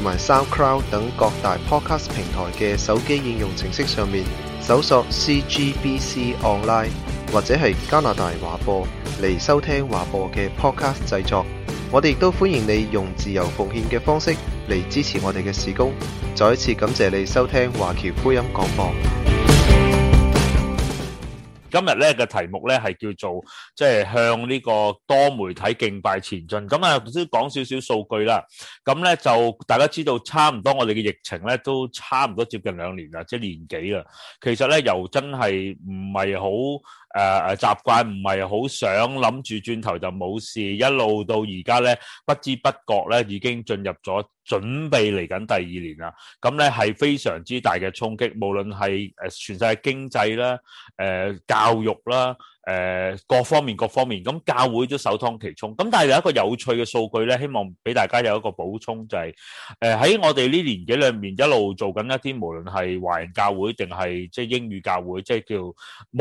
同埋 SoundCloud 等各大 Podcast 平台嘅手機應用程式上面搜索 CGBC Online 或者係加拿大華播嚟收聽華播嘅 Podcast 製作。我哋亦都歡迎你用自由奉獻嘅方式嚟支持我哋嘅事工。再一次感謝你收聽華僑福音廣播。今日咧嘅題目咧係叫做即係向呢個多媒體敬拜前進。咁啊，先講少少數據啦。咁咧就大家知道，差唔多我哋嘅疫情咧都差唔多接近兩年啦，即係年幾啦。其實咧又真係唔係好。誒誒，習慣唔係好，想諗住轉頭就冇事，一路到而家咧，不知不覺咧已經進入咗準備嚟緊第二年啦。咁咧係非常之大嘅衝擊，無論係誒全世界經濟啦，誒、呃、教育啦。誒，各方面各方面，咁教會都首當其衝。咁但係有一個有趣嘅數據咧，希望俾大家有一個補充，就係誒喺我哋呢年紀裏面一路做緊一啲，無論係華人教會定係即係英語教會，即係叫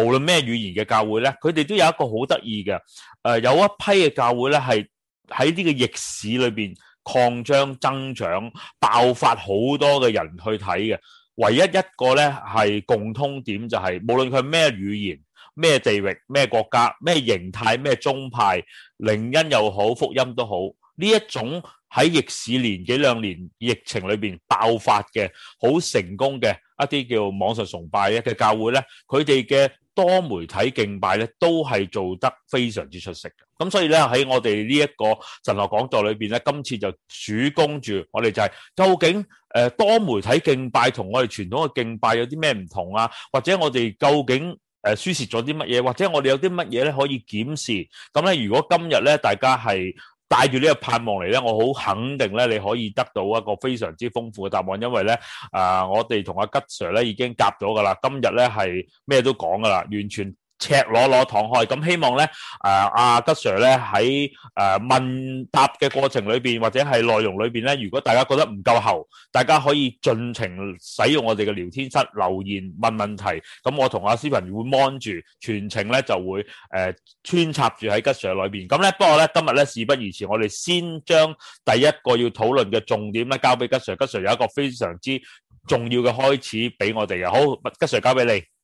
無論咩語言嘅教會咧，佢哋都有一個好得意嘅誒，有一批嘅教會咧係喺呢個逆市裏邊擴張增長、爆發好多嘅人去睇嘅。唯一一個咧係共通點就係，無論佢係咩語言。咩地域、咩國家、咩形態、咩宗派、靈恩又好、福音都好，呢一種喺逆市年幾兩年疫情裏邊爆發嘅好成功嘅一啲叫網上崇拜嘅教會咧，佢哋嘅多媒體敬拜咧都係做得非常之出色嘅。咁所以咧喺我哋呢一個神學講座裏邊，咧，今次就主攻住我哋就係、是、究竟誒、呃、多媒體敬拜同我哋傳統嘅敬拜有啲咩唔同啊？或者我哋究竟？誒輸蝕咗啲乜嘢，或者我哋有啲乜嘢咧可以檢視？咁咧，如果今日咧大家係帶住呢個盼望嚟咧，我好肯定咧，你可以得到一個非常之豐富嘅答案，因為咧啊、呃，我哋同阿吉 Sir 咧已經夾咗㗎喇，今日咧係咩都講㗎喇，完全。赤裸裸淌開，咁希望咧，誒、啊，阿吉 Sir 咧喺誒、啊、問答嘅過程裏邊，或者係內容裏邊咧，如果大家覺得唔夠喉，大家可以盡情使用我哋嘅聊天室留言問問題，咁我同阿思文會 mon 住全程咧就會誒、呃、穿插住喺吉 Sir 裏邊。咁咧，不過咧今日咧事不宜遲，我哋先將第一個要討論嘅重點咧交俾吉 Sir，吉 Sir 有一個非常之重要嘅開始俾我哋嘅。好，吉 Sir 交俾你。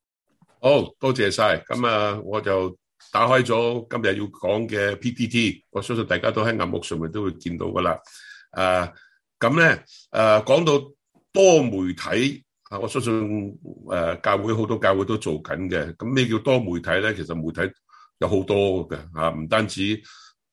好、oh, 多謝晒，咁啊，我就打開咗今日要講嘅 PPT，我相信大家都喺銀幕上面都會見到噶啦、uh。啊，咁咧，啊，講到多媒體啊，我相信誒、啊、教會好多教會都做緊嘅。咁咩叫多媒體咧？其實媒體有好多嘅吓，唔單止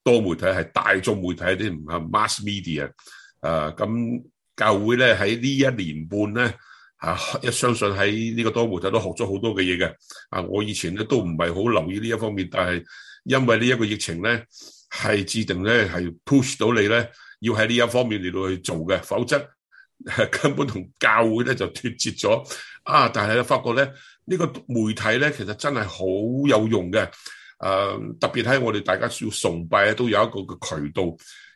多媒體係大眾媒體啲，唔係 mass media。啊，咁教會咧喺呢一年半咧。啊！一相信喺呢個多媒體都學咗好多嘅嘢嘅。啊，我以前咧都唔係好留意呢一方面，但係因為呢一個疫情咧，係制定咧係 push 到你咧，要喺呢一方面嚟到去做嘅，否則、啊、根本同教會咧就脫節咗。啊！但係發覺咧，呢、呢個媒體咧其實真係好有用嘅。誒、啊，特別喺我哋大家需要崇拜都有一個嘅渠道。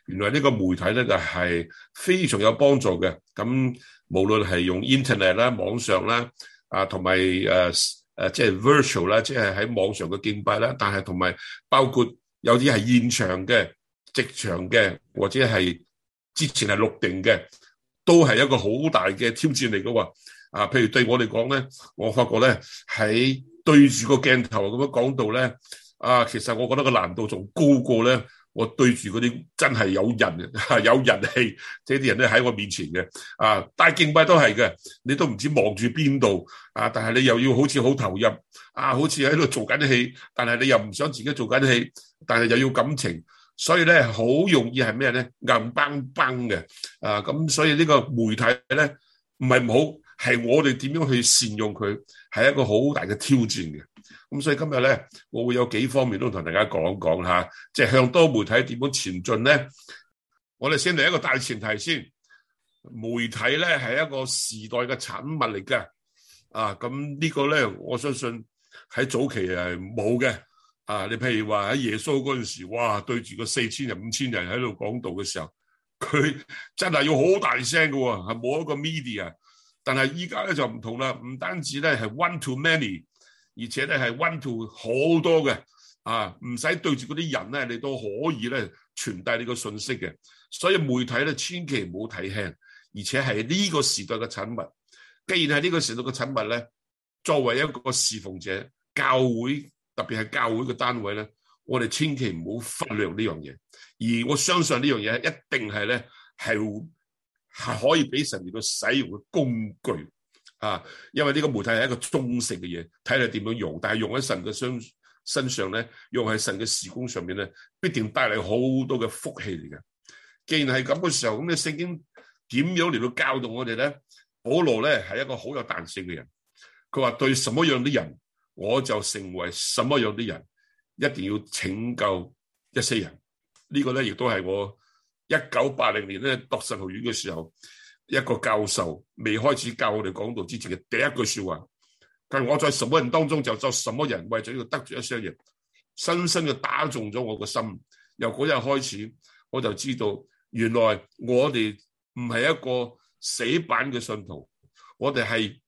原來呢個媒體咧就係、係、非常有幫助嘅。咁、嗯。無論係用 internet 啦、網上啦，啊，同埋誒誒，即係 virtual 啦，即係喺網上嘅敬拜啦，但係同埋包括有啲係現場嘅、直場嘅，或者係之前係錄定嘅，都係一個好大嘅挑戰嚟嘅喎。啊，譬如對我嚟講咧，我發覺咧喺對住個鏡頭咁樣講到咧，啊，其實我覺得個難度仲高過咧。我對住嗰啲真係有人， 有人氣，即係啲人咧喺我面前嘅、啊，啊，但係敬拜都係嘅，你都唔知望住邊度，啊，但係你又要好似好投入，啊，好似喺度做緊戲，但係你又唔想自己做緊戲，但係又要感情，所以咧好容易係咩咧？硬邦邦嘅，啊，咁所以呢個媒體咧唔係唔好，係我哋點樣去善用佢，係一個好大嘅挑戰嘅。咁所以今日咧，我會有幾方面都同大家講講吓，即係向多媒體點樣前進咧？我哋先嚟一個大前提先，媒體咧係一個時代嘅產物嚟嘅。啊，咁、這個、呢個咧，我相信喺早期係冇嘅。啊，你譬如話喺耶穌嗰陣時，哇，對住個四千人、五千人喺度講道嘅時候，佢真係要好大聲㗎，係冇一個 media。但係依家咧就唔同啦，唔單止咧係 one to many。而且咧係温度好多嘅，啊唔使對住嗰啲人咧，你都可以咧傳遞你個信息嘅。所以媒體咧，千祈唔好睇輕，而且係呢個時代嘅產物。既然係呢個時代嘅產物咧，作為一個侍奉者、教會特別係教會嘅單位咧，我哋千祈唔好忽略呢樣嘢。而我相信呢樣嘢一定係咧係係可以俾神而佢使用嘅工具。啊，因為呢個媒體係一個中性嘅嘢，睇你點樣用，但係用喺神嘅身身上咧，用喺神嘅事工上面咧，必定帶嚟好多嘅福氣嚟嘅。既然係咁嘅時候，咁你聖經點樣嚟到教導我哋咧？保羅咧係一個好有彈性嘅人，佢話對什麼樣啲人，我就成為什麼樣啲人，一定要拯救一些人。這個、呢個咧亦都係我一九八零年咧讀神學院嘅時候。一個教授未開始教我哋講道之前嘅第一句說話，佢話我在什麼人當中就就作什麼人，為咗要得着一雙人，深深嘅打中咗我個心。由嗰日開始，我就知道原來我哋唔係一個死板嘅信徒，我哋係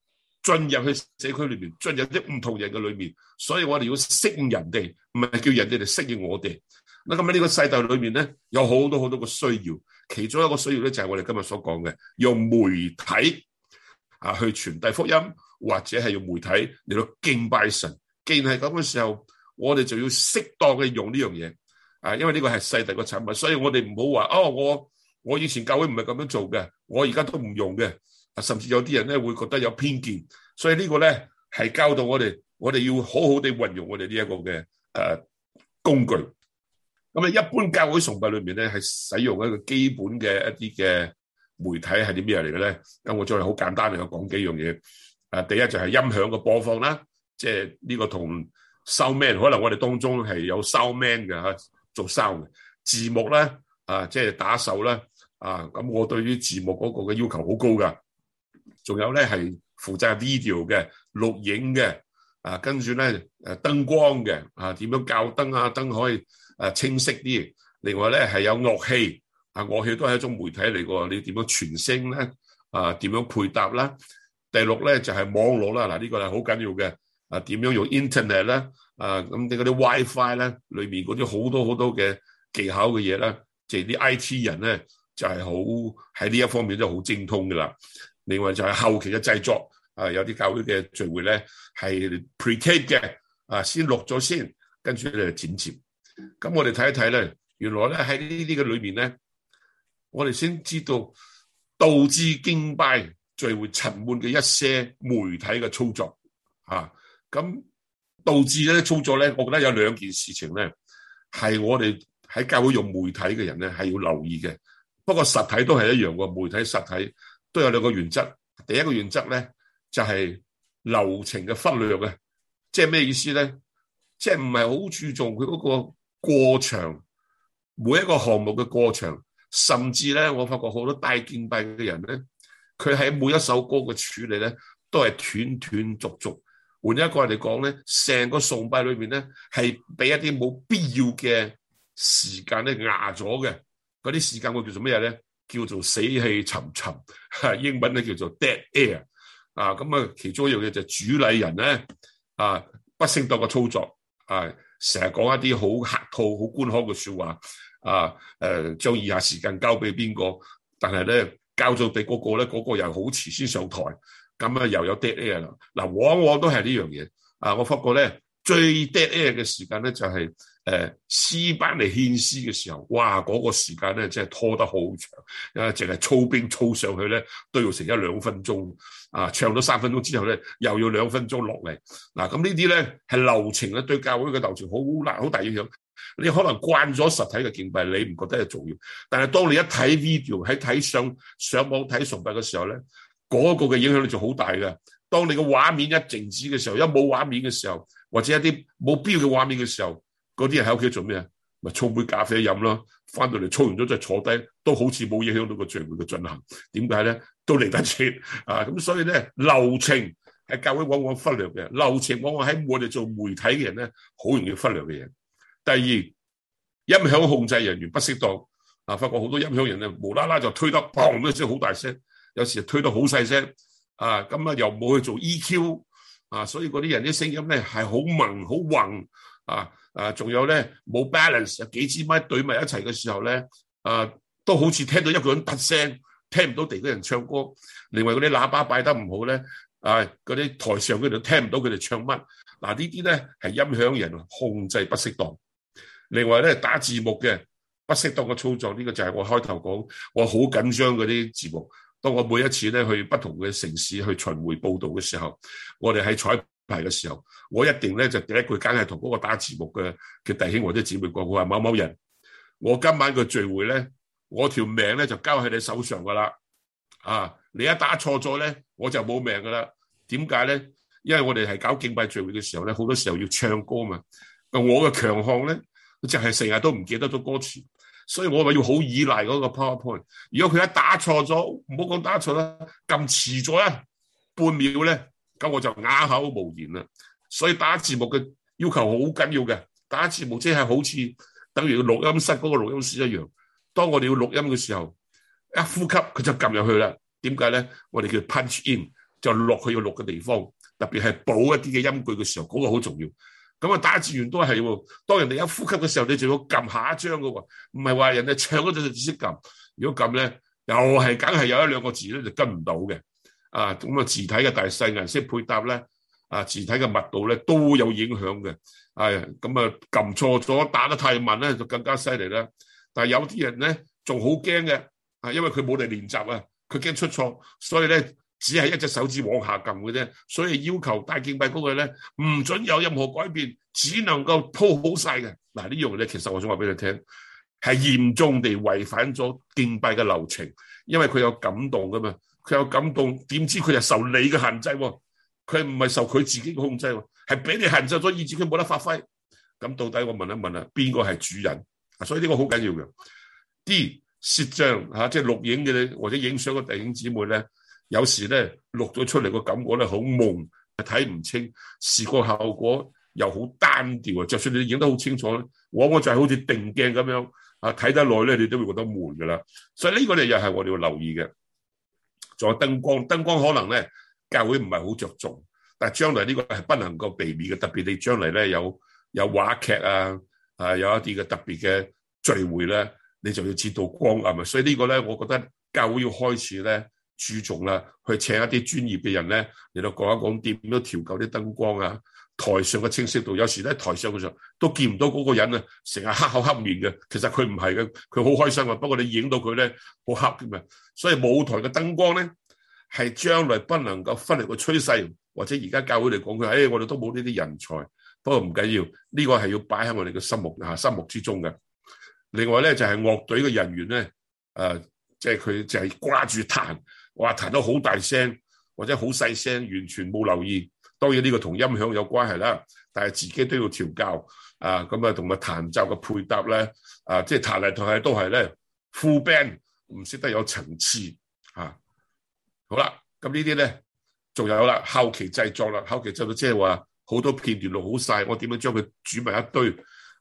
進入去社區裏面，進入啲唔同人嘅裏面，所以我哋要適應人哋，唔係叫人哋嚟適應我哋。嗱，咁喺呢個世界裏面咧，有好多好多嘅需要。其中一個需要咧，就係我哋今日所講嘅，用媒體啊去傳遞福音，或者係用媒體嚟到敬拜神。既然係咁嘅時候，我哋就要適當嘅用呢樣嘢啊，因為呢個係世代嘅產物，所以我哋唔好話哦，我我以前教會唔係咁樣做嘅，我而家都唔用嘅。甚至有啲人咧，會覺得有偏見，所以這個呢個咧，係教導我哋，我哋要好好地運用我哋呢一個嘅誒工具。咁啊，一般教會崇拜裏面咧，係使用一個基本嘅一啲嘅媒體係啲咩嚟嘅咧？咁我再好簡單嚟講幾樣嘢。啊，第一就係音響嘅播放啦，即係呢個同收 man，可能我哋當中係有收 man 嘅吓，做 sound 嘅字幕咧，啊，即係打手咧，啊，咁我對於字幕嗰個嘅要求好高㗎。仲有咧係負責 video 嘅錄影嘅，啊，跟住咧誒燈光嘅，啊點樣校燈啊燈可以。誒清晰啲，另外咧係有樂器，啊樂器都係一種媒體嚟嘅喎，你點樣傳聲咧？啊點樣配搭咧？第六咧就係網絡啦，嗱，呢個係好緊要嘅，啊點樣用 Internet 咧？啊咁你嗰啲 WiFi 咧，裏面嗰啲好多好多嘅技巧嘅嘢咧，即係啲 IT 人咧就係好喺呢一方面都好精通嘅啦。另外就係後期嘅製作，啊有啲教會嘅聚會咧係 pre-take 嘅，啊先錄咗先，跟住咧剪接。咁我哋睇一睇咧，原來咧喺呢啲嘅裏面咧，我哋先知道導致敬拜聚會沉悶嘅一些媒體嘅操作啊。咁導致呢啲操作咧，我覺得有兩件事情咧，係我哋喺教會用媒體嘅人咧係要留意嘅。不過實體都係一樣喎，媒體實體都有兩個原則。第一個原則咧就係、是、流程嘅忽略嘅，即係咩意思咧？即係唔係好注重佢嗰、嗰個。過場，每一個項目嘅過場，甚至咧，我發覺好多大建畢嘅人咧，佢喺每一首歌嘅處理咧，都係斷斷續續。換一個人嚟講咧，成個崇拜裏邊咧，係俾一啲冇必要嘅時間咧壓咗嘅。嗰啲時間會叫做咩嘢咧？叫做死氣沉沉，英文咧叫做 dead air。啊，咁啊，其中一樣嘢就係主禮人咧，啊，不適當嘅操作，係、啊。成日講一啲好客套、好官腔嘅說話，啊，誒、呃，將以下時間交俾邊個？但係咧，交咗俾嗰個咧，嗰個又好遲先上台，咁啊又有 dead air 啦。嗱、啊，往往都係呢樣嘢。啊，我發覺咧，最 dead air 嘅時間咧就係、是。誒，詩班嚟獻詩嘅時候，哇！嗰個時間咧，真係拖得好長，啊，淨係操兵操上去咧，都要成一兩分鐘，啊，唱咗三分鐘之後咧，又要兩分鐘落嚟。嗱、啊，咁呢啲咧係流程啊，對教會嘅流程好難，好大影響。你可能慣咗實體嘅敬拜，你唔覺得係重要。但係當你一睇 video 喺睇上上網睇崇拜嘅時候咧，嗰個嘅影響力就好大嘅。當你個畫面一靜止嘅時候，一冇畫面嘅時候，或者一啲冇必要嘅畫面嘅時候，嗰啲人喺屋企做咩啊？咪沖杯咖啡飲咯，翻到嚟沖完咗就坐低，都好似冇影響到個聚會嘅進行。點解咧？都嚟得切啊！咁所以咧流程係教會往往忽略嘅，流程往往喺我哋做媒體嘅人咧好容易忽略嘅嘢。第二，音響控制人員不適當啊！發覺好多音響人咧無啦啦就推得砰一聲好大聲，有時又推得好細聲啊！咁啊又冇去做 EQ 啊，所以嗰啲人啲聲音咧係好萌、好混啊。啊，仲有咧冇 balance，有幾支咪對埋一齊嘅時候咧，啊，都好似聽到一個人突聲，聽唔到地嗰人唱歌。另外嗰啲喇叭擺得唔好咧，啊，嗰啲台上嗰啲都聽唔到佢哋唱乜。嗱，呢啲咧係音響人控制不適當。另外咧打字幕嘅不適當嘅操作，呢個就係我開頭講我好緊張嗰啲字幕。當我每一次咧去不同嘅城市去巡迴報導嘅時候，我哋喺採排嘅時候，我一定咧就第一句梗係同嗰個打字幕嘅嘅弟兄或者姊妹講：，我話某某人，我今晚個聚會咧，我條命咧就交喺你手上噶啦。啊，你一打錯咗咧，我就冇命噶啦。點解咧？因為我哋係搞敬拜聚會嘅時候咧，好多時候要唱歌嘛。嗱，我嘅強項咧，就係成日都唔記得咗歌詞，所以我話要好依賴嗰個 PowerPoint。如果佢一打錯咗，唔好講打錯啦，咁遲咗咧半秒咧。咁我就啞口無言啦，所以打字幕嘅要求好緊要嘅。打字幕即係好似等於錄音室嗰個錄音師一樣。當我哋要錄音嘅時候，一呼吸佢就撳入去啦。點解咧？我哋叫 punch in，就落去要錄嘅地方。特別係補一啲嘅音句嘅時候，嗰個好重要。咁啊，打字完都係，當人哋一呼吸嘅時候，你就要撳下一張噶。唔係話人哋唱嗰陣就只識撳，如果撳咧，又係梗係有一兩個字咧就跟唔到嘅。啊，咁啊字體嘅大細、顏色配搭咧，啊字體嘅密度咧都有影響嘅。係、哎、咁、嗯、啊，撳錯咗，打得太慢咧就更加犀利啦。但係有啲人咧仲好驚嘅，啊，因為佢冇嚟練習啊，佢驚出錯，所以咧只係一隻手指往下撳嘅啫。所以要求帶敬拜嗰個咧，唔准有任何改變，只能夠鋪好晒嘅。嗱、啊這個、呢樣咧，其實我想話俾你聽，係嚴重地違反咗敬拜嘅流程，因為佢有感動噶嘛。佢有感動，點知佢係受你嘅限制、哦？佢唔係受佢自己嘅控制、哦，係俾你限制咗以致，佢冇得發揮。咁到底我問一問啦，邊個係主人？所以呢個好緊要嘅。啲攝像吓、啊，即係錄影嘅或者影相嘅弟兄姊妹咧，有時咧錄咗出嚟個感覺咧好矇，睇唔清，視覺效果又好單調啊。就算你影得好清楚，往往就係好似定鏡咁樣啊，睇得耐咧，你都會覺得悶噶啦。所以呢個咧又係我哋要留意嘅。仲有燈光，燈光可能咧，教會唔係好着重，但係將來呢個係不能夠避免嘅，特別你將來咧有有話劇啊，啊有一啲嘅特別嘅聚會咧，你就要知道光係咪？所以呢個咧，我覺得教會要開始咧注重啦，去請一啲專業嘅人咧嚟到講一講點樣調校啲燈光啊。台上嘅清晰度，有時喺台上嘅時候都見唔到嗰個人啊，成日黑口黑面嘅，其實佢唔係嘅，佢好開心嘅。不過你影到佢咧，好黑嘅嘛。所以舞台嘅燈光咧，係將來不能夠忽略嘅趨勢，或者而家教會嚟講，佢、哎、唉，我哋都冇呢啲人才，不過唔緊要，呢個係要擺喺我哋嘅心目吓，心目之中嘅。另外咧就係樂隊嘅人員咧，誒、呃，即係佢就係掛住彈，哇，彈得好大聲或者好細聲，完全冇留意。當然呢個同音響有關係啦，但係自己都要調校啊！咁啊，同個彈奏嘅配搭咧啊，即係彈嚟彈去都係咧 full band，唔識得有層次嚇、啊。好啦，咁、嗯、呢啲咧仲有啦，後期製作啦，後期製作即係話好多片段錄好晒，我點樣將佢轉埋一堆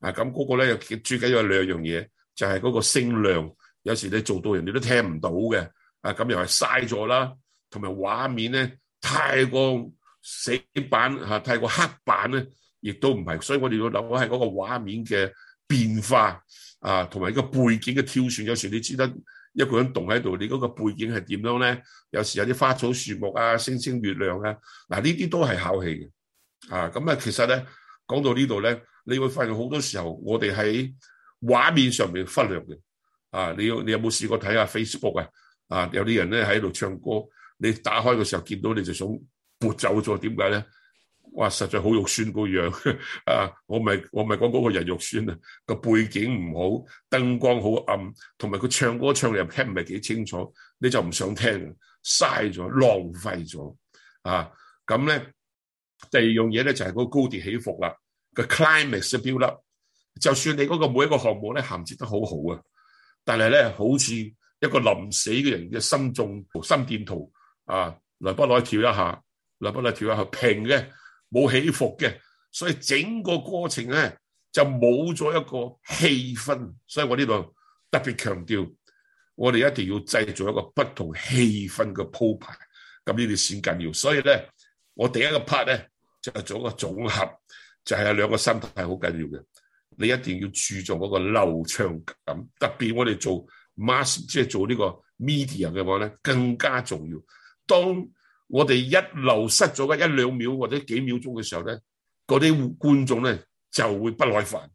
啊？咁嗰個又最緊要係兩樣嘢，就係、是、嗰個聲量，有時你做到人哋都聽唔到嘅啊！咁、嗯、又係嘥咗啦，同埋畫面咧太過。死板太過、啊、黑板咧，亦都唔係，所以我哋要諗係嗰個畫面嘅變化啊，同埋個背景嘅挑選。有時你知得一個人動喺度，你嗰個背景係點樣咧？有時有啲花草樹木啊、星星月亮啊，嗱呢啲都係考起嘅啊。咁啊，啊，其實咧講到呢度咧，你會發現好多時候我哋喺畫面上面忽略嘅啊。你要你有冇試過睇下 Facebook 啊？啊，有啲人咧喺度唱歌，你打開嘅時候見到你就想。撥走咗，點解咧？哇，實在好肉酸嗰樣啊！我唔係我唔係講嗰個人肉酸啊！個背景唔好，燈光好暗，同埋佢唱歌唱嚟又聽唔係幾清楚，你就唔想聽，嘥咗，浪費咗啊！咁咧，第二樣嘢咧就係嗰個高低起伏啦，個 climax 嘅飄忽。就算你嗰個每一個項目咧銜接得好好啊，但係咧好似一個臨死嘅人嘅心臟、心電圖啊，耐唔耐跳一下。立不嬲，條啊係平嘅，冇起伏嘅，所以整個過程咧就冇咗一個氣氛，所以我呢度特別強調，我哋一定要製造一個不同氣氛嘅鋪排，咁呢啲先緊要。所以咧，我第一個 part 咧就係、做一個總合，就係、有、兩個心態好緊要嘅，你一定要注重嗰個流暢感，特別我哋做 mass 即係做個呢個 media 嘅話咧，更加重要。當我哋一流失咗一兩秒或者幾秒鐘嘅時候咧，嗰啲觀眾咧就會不耐煩，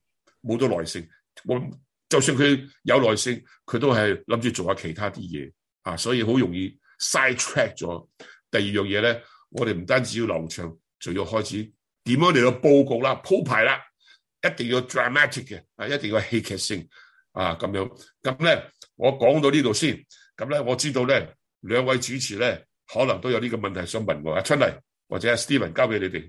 冇咗耐性。我就算佢有耐性，佢都係諗住做下其他啲嘢啊，所以好容易 side track 咗。第二樣嘢咧，我哋唔單止要流暢，就要開始點樣嚟到報告啦、鋪排啦，一定要 dramatic 嘅啊，一定要戲劇性啊咁樣。咁咧我講到呢度先。咁咧我知道咧兩位主持咧。可能都有呢個問題想問阿春嚟，或者阿 Steven 交俾你哋。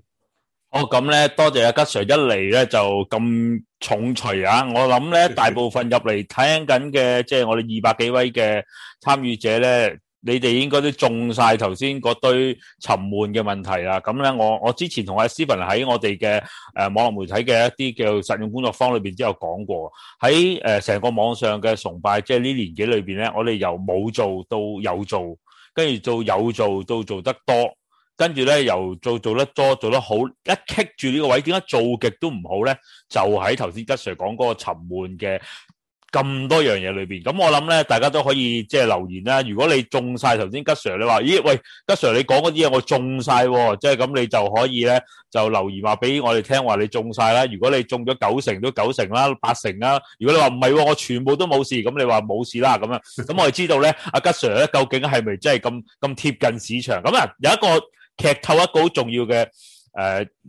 哦，咁咧多謝阿吉 Sir 一嚟咧就咁重錘啊！我諗咧大部分入嚟聽緊嘅， 即係我哋二百幾位嘅參與者咧，你哋應該都中晒頭先嗰堆沉悶嘅問題啦！咁咧，我我之前同阿 Steven 喺我哋嘅誒網絡媒體嘅一啲叫實用工作坊裏邊都有講過，喺誒成個網上嘅崇拜，即係呢年紀裏邊咧，我哋由冇做到有做。跟住做有做都做得多，跟住咧由做做得多做得好，一棘住呢個位，點解做極都唔好咧？就喺頭先吉 Sir 講嗰個沉悶嘅。咁多樣嘢裏邊，咁我諗咧，大家都可以即係留言啦。如果你中晒頭先，吉 Sir 你話，咦喂，吉 Sir 你講嗰啲嘢我中晒，即係咁，你就可以咧就留言話俾我哋聽，話你中晒啦。如果你中咗九成都九成啦，八成啦，如果你話唔係，我全部都冇事，咁你話冇事啦咁樣。咁我哋知道咧，阿吉 Sir 咧究竟係咪真係咁咁貼近市場？咁啊有一個劇透一個好重要嘅誒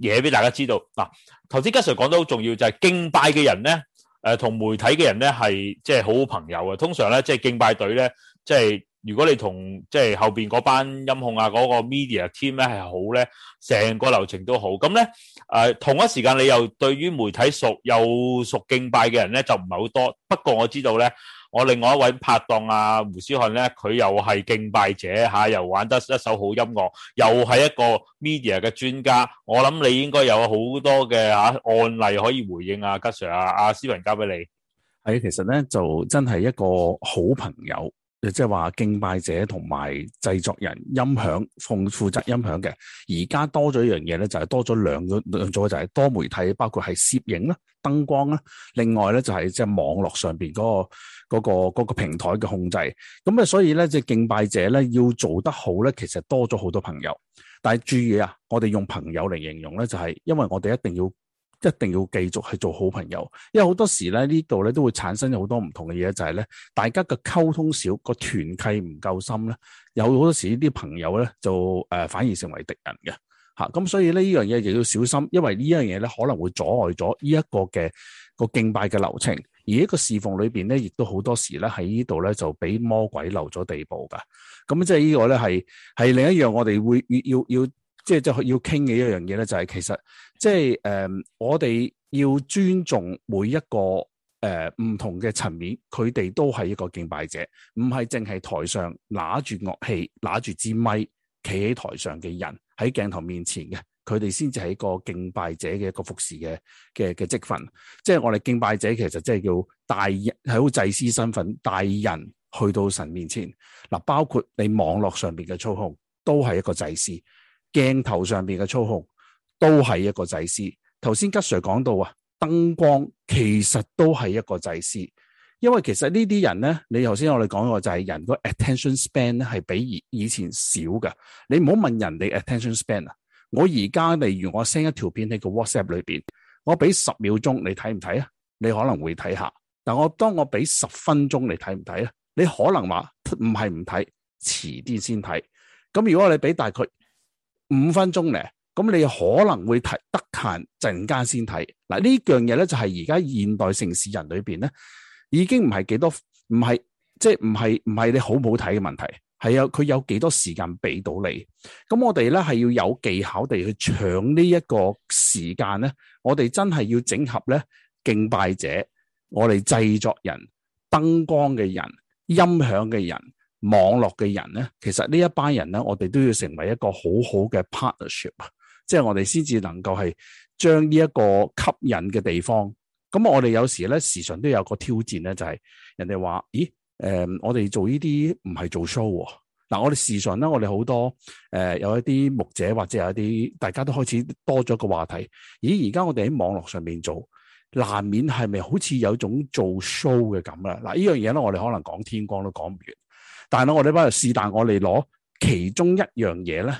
嘢俾大家知道。嗱，頭先吉 Sir 講得好重要就係敬拜嘅人咧。誒同、呃、媒體嘅人咧係即係好好朋友嘅，通常咧即係敬拜隊咧，即、就、係、是、如果你同即係後面嗰班音控啊嗰、那個 media team 咧係好咧，成個流程都好。咁咧、呃、同一時間你又對於媒體熟又熟敬拜嘅人咧就唔係好多，不過我知道咧。我另外一位拍檔啊，胡思漢咧，佢又係敬拜者吓，又玩得一手好音樂，又係一個 media 嘅專家。我諗你應該有好多嘅吓案例可以回應啊，吉 Sir 啊，阿思文交俾你。係其實咧就真係一個好朋友，即係話敬拜者同埋製作人音響，奉負責音響嘅。而家多咗一樣嘢咧，就係多咗兩個，兩組就係多媒體，包括係攝影啦、燈光啦，另外咧就係即係網絡上邊嗰個。嗰個、嗰個、嗰個平台嘅控制，咁啊，所以咧即係敬拜者咧要做得好咧，其實多咗好多朋友。但係注意啊，我哋用朋友嚟形容咧，就係、是、因為我哋一定要一定要繼續去做好朋友，因為好多時咧呢度咧都會產生好多唔同嘅嘢，就係、是、咧大家嘅溝通少，個團契唔夠深咧，有好多時呢啲朋友咧就誒、呃、反而成為敵人嘅吓。咁所以呢樣嘢亦要小心，因為呢樣嘢咧可能會阻礙咗呢一個嘅個敬拜嘅流程。而一個侍奉裏面咧，亦都好多時咧喺呢度咧就俾魔鬼留咗地步㗎。咁即係呢個咧係係另一樣我哋會要要，要即係就要傾嘅一樣嘢咧，就係、是、其實即係誒、呃、我哋要尊重每一個誒唔、呃、同嘅層面，佢哋都係一個敬拜者，唔係淨係台上拿住樂器，拿住支咪企喺台上嘅人喺鏡頭面前嘅。佢哋先至係一個敬拜者嘅一個服侍嘅嘅嘅職分，即係我哋敬拜者其實即係叫大係好祭司身份，大人去到神面前嗱，包括你網絡上邊嘅操控都係一個祭司，鏡頭上邊嘅操控都係一個祭司。頭先吉 sir 講到啊，燈光其實都係一個祭司，因為其實呢啲人咧，你頭先我哋講過，就係人個 attention span 咧係比以以前少噶，你唔好問人哋 attention span 啊。我而家例如我 send 一條片喺個 WhatsApp 裏邊，我俾十秒鐘你睇唔睇啊？你可能會睇下。但我當我俾十分鐘你睇唔睇啊？你可能話唔係唔睇，遲啲先睇。咁如果你俾大概五分鐘咧，咁你可能會睇得閒陣間先睇。嗱呢樣嘢咧就係而家現代城市人裏邊咧，已經唔係幾多，唔係即係唔係唔係你好唔好睇嘅問題。係有，佢有幾多時間俾到你？咁我哋咧係要有技巧地去搶呢一個時間咧。我哋真係要整合咧，敬拜者、我哋製作人、燈光嘅人、音響嘅人、網絡嘅人咧。其實呢一班人咧，我哋都要成為一個好好嘅 partnership 啊，即係我哋先至能夠係將呢一個吸引嘅地方。咁我哋有時咧時常都有個挑戰咧，就係、是、人哋話：咦？誒、嗯，我哋做呢啲唔係做 show 喎、哦。嗱、啊，我哋時常咧，我哋好多誒、呃，有一啲牧者或者有一啲，大家都開始多咗個話題。咦，而家我哋喺網絡上面做，難免係咪好似有種做 show 嘅感覺啦？嗱、啊，呢樣嘢咧，我哋可能講天光都講唔完。但係咧，我哋不如是但，我哋攞其中一樣嘢咧，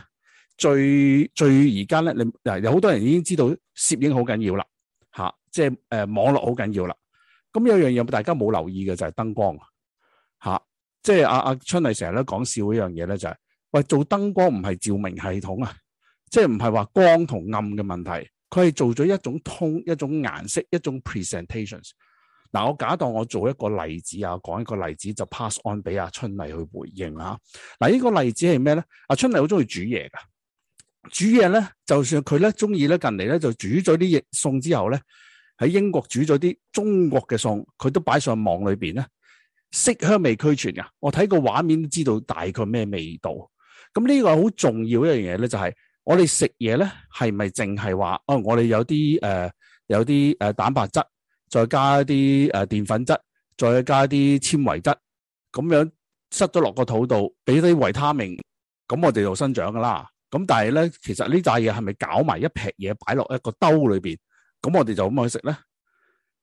最最而家咧，你嗱、啊、有好多人已經知道攝影好緊要啦，吓、啊，即係誒網絡好緊要啦。咁有樣嘢大家冇留意嘅就係、是、燈光。即係阿阿春麗成日咧，講笑呢樣嘢咧就係、是、喂，做燈光唔係照明系統啊，即係唔係話光同暗嘅問題，佢係做咗一種 tone、一種顏色、一種 presentations。嗱、啊，我假當我做一個例子啊，講一個例子就 pass on 俾阿春麗去回應吓、啊。嗱、啊、呢、這個例子係咩咧？阿春麗好中意煮嘢噶，煮嘢咧就算佢咧中意咧近嚟咧就煮咗啲嘢餸之後咧喺英國煮咗啲中國嘅餸，佢都擺上網裏邊咧。色香味俱全啊。我睇個畫面都知道大概咩味道。咁呢個好重要一樣嘢咧，就係我哋食嘢咧，係咪淨係話哦？我哋有啲誒、呃，有啲誒蛋白質，再加啲誒澱粉質，再加啲纖維質，咁樣塞咗落個肚度，俾啲維他命，咁我哋就生長噶啦。咁但係咧，其實呢扎嘢係咪搞埋一劈嘢擺落一個兜裏邊，咁我哋就咁去食咧？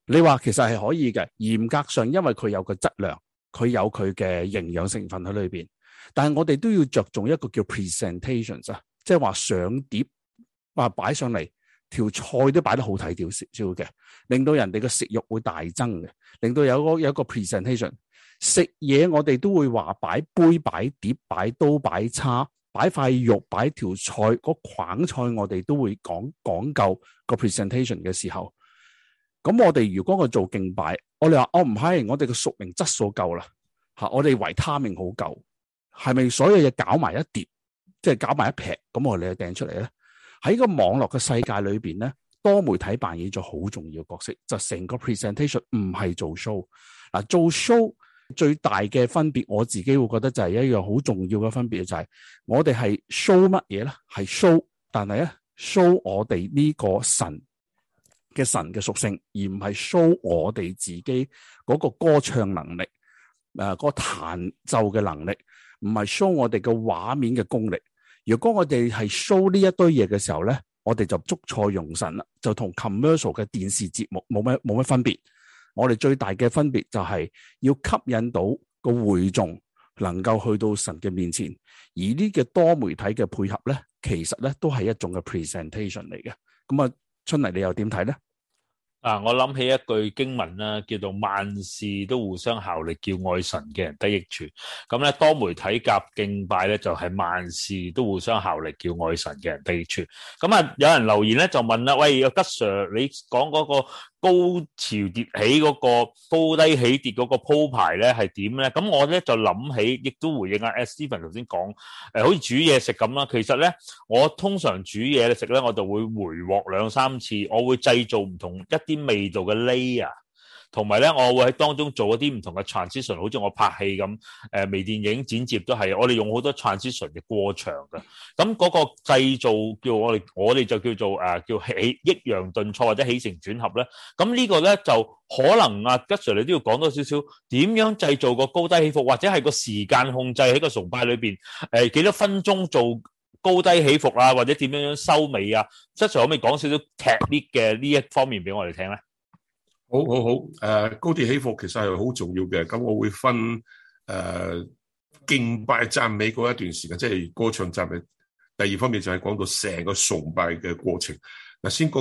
你話其實係可以嘅，嚴格上因為佢有個質量，佢有佢嘅營養成分喺裏邊。但係我哋都要着重一個叫 presentation 啊，即係話上碟啊擺上嚟條菜都擺得好睇，少少嘅，令到人哋嘅食欲會大增嘅，令到有個有一個 presentation 食嘢我哋都會話擺杯擺碟擺刀擺叉擺塊肉擺條菜，個肴菜我哋都會講講究個 presentation 嘅時候。咁我哋如果我做敬拜，我哋話哦唔係，我哋個屬靈質素夠啦，吓我哋維他命好夠，係咪所有嘢搞埋一碟，即係搞埋一撇，咁我哋就掟出嚟咧？喺個網絡嘅世界裏邊咧，多媒體扮演咗好重要角色，就成個 presentation 唔係做 show，嗱做 show 最大嘅分別，我自己會覺得就係一樣好重要嘅分別就係我哋係 show 乜嘢咧？係 show，但係咧 show 我哋呢個神。嘅神嘅屬性，而唔係 show 我哋自己嗰個歌唱能力，誒、呃，個彈奏嘅能力，唔係 show 我哋嘅畫面嘅功力。如果我哋係 show 呢一堆嘢嘅時候咧，我哋就捉錯用神啦，就同 commercial 嘅電視節目冇咩冇咩分別。我哋最大嘅分別就係、是、要吸引到個會眾能夠去到神嘅面前，而呢個多媒體嘅配合咧，其實咧都係一種嘅 presentation 嚟嘅。咁啊～出嚟你又點睇咧？嗱，我諗起一句經文啦，叫做萬事都互相效力，叫愛神嘅人得益處。咁咧，多媒體夾敬拜咧，就係萬事都互相效力，叫愛神嘅人得益處。咁啊，有人留言咧就問啦，喂，阿吉 Sir，你講嗰個高潮迭起嗰、那個高低起跌嗰個鋪排咧係點咧？咁我咧就諗起，亦都回應啊 Stephen 頭先講，好、呃、似煮嘢食咁啦。其實咧，我通常煮嘢食咧，我就會回鑊兩三次，我會製造唔同一啲味道嘅 layer。同埋咧，我會喺當中做一啲唔同嘅 transition，好似我拍戲咁、呃，微電影剪接都係，我哋用好多 transition 嘅過場嘅。咁嗰個製造叫我哋，我哋就叫做誒、啊、叫起抑揚頓挫或者起承轉合咧。咁呢個咧就可能阿、啊、吉 Sir 你都要講多少少點樣製造個高低起伏，或者係個時間控制喺個崇拜裏面誒、呃、幾多分鐘做高低起伏啊，或者點樣樣收尾啊？吉 Sir 可唔可以講少少技巧嘅呢一方面俾我哋聽咧？好好好，高低起伏其實係好重要嘅。咁我會分誒、呃、敬拜讚美嗰一段時間，即係歌唱讚美。第二方面就係講到成個崇拜嘅過程。嗱，先、呃、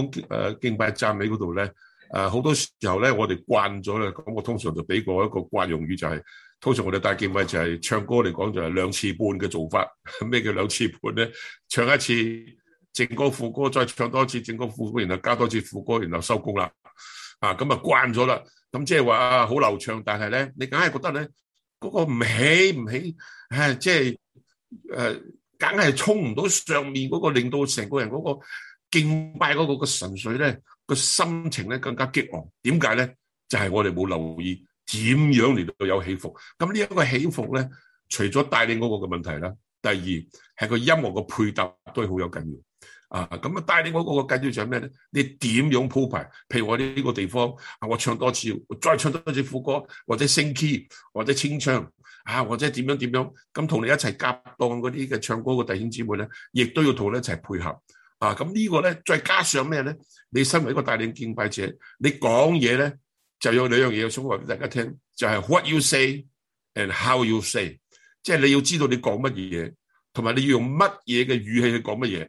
講敬拜讚美嗰度咧，誒、呃、好多時候咧，我哋慣咗咧，咁我通常就俾過一個慣用語，就係、是、通常我哋帶敬拜就係唱歌嚟講就係兩次半嘅做法。咩叫兩次半咧？唱一次正歌副歌，再唱多次正歌副歌，然後加多次副歌，然後收工啦。啊，咁啊慣咗啦，咁即係話啊好流暢，但係咧，你梗係覺得咧嗰個唔起唔起，唉，即係誒，梗係衝唔到上面嗰個，令到成個人嗰個敬拜嗰個嘅純粹咧個心情咧更加激昂。點解咧？就係我哋冇留意點樣嚟,到有起伏。咁呢一個起伏咧，除咗帶領嗰個嘅問題啦，第二係個音樂嘅配搭都係好有緊要。啊，咁啊帶領嗰、那個嘅緊要就係咩咧？你點樣鋪排？譬如我呢呢個地方，啊、我唱多次，我再唱多次副歌，或者升 key，或者清唱，啊，或者點樣點樣，咁、啊、同你一齊夾檔嗰啲嘅唱歌嘅弟兄姊妹咧，亦都要同你一齊配合。啊，咁呢個咧，再加上咩咧？你身為一個帶領敬拜者，你講嘢咧，就有兩樣嘢想話俾大家聽，就係、是、what you say and how you say，即係你要知道你講乜嘢，同埋你要用乜嘢嘅語氣去講乜嘢。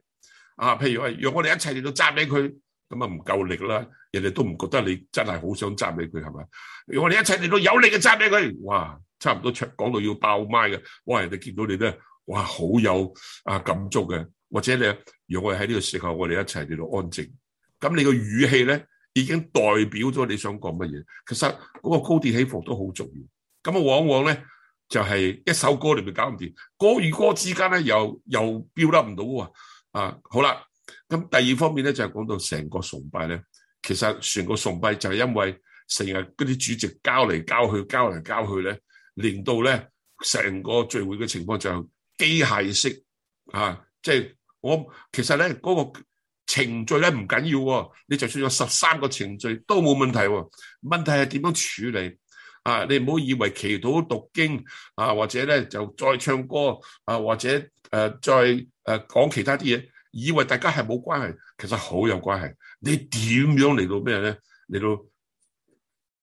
啊，譬如話，讓我哋一齊嚟到讚俾佢，咁啊唔夠力啦，人哋都唔覺得你真係好想讚俾佢係咪？讓我哋一齊嚟到有力嘅讚俾佢，哇，差唔多唱講到要爆麥嘅，哇！人哋見到你咧，哇，好有啊感觸嘅。或者你，如果我哋喺呢個時候，我哋一齊嚟到安靜，咁你個語氣咧，已經代表咗你想講乜嘢。其實嗰個高低起伏都好重要。咁啊，往往咧就係、是、一首歌你咪搞唔掂，歌與歌之間咧又又標得唔到、啊啊，好啦，咁第二方面咧就係講到成個崇拜咧，其實成個崇拜就係因為成日嗰啲主席交嚟交去，交嚟交去咧，連到咧成個聚會嘅情況就機械式啊，即係我其實咧嗰個程序咧唔緊要啊，你就算有十三個程序都冇問題啊，問題係點樣處理啊？你唔好以為祈禱、讀經啊，或者咧就再唱歌啊，或者。誒、呃，再誒、呃、講其他啲嘢，以為大家係冇關係，其實好有關係。你點樣嚟到咩咧？嚟到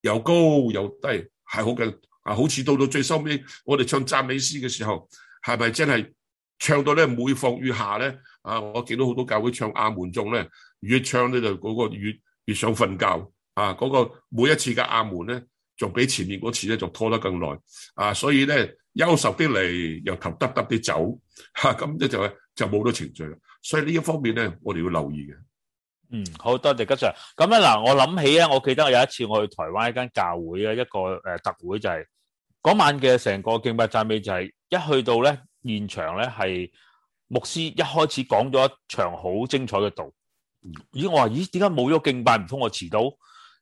又高又低，係好緊啊！好似到到最收尾，我哋唱讚美詩嘅時候，係咪真係唱到咧？每況愈下咧，啊，我見到好多教會唱阿門中咧，越唱咧就嗰個越越想瞓覺啊！嗰、那個每一次嘅阿門咧，仲比前面嗰次咧仲拖得更耐啊！所以咧。憂愁啲嚟，又頭耷耷啲走，吓咁，咧就就冇咗程序啦。所以呢一方面咧，我哋要留意嘅。嗯，好多謝吉 Sir。咁啊嗱，我諗起啊，我記得我有一次我去台灣一間教會啊，一個誒特會就係嗰晚嘅成個敬拜讚美就係一去到咧現場咧係牧師一開始講咗一場好精彩嘅道。咦我話咦點解冇咗敬拜，唔通我遲到？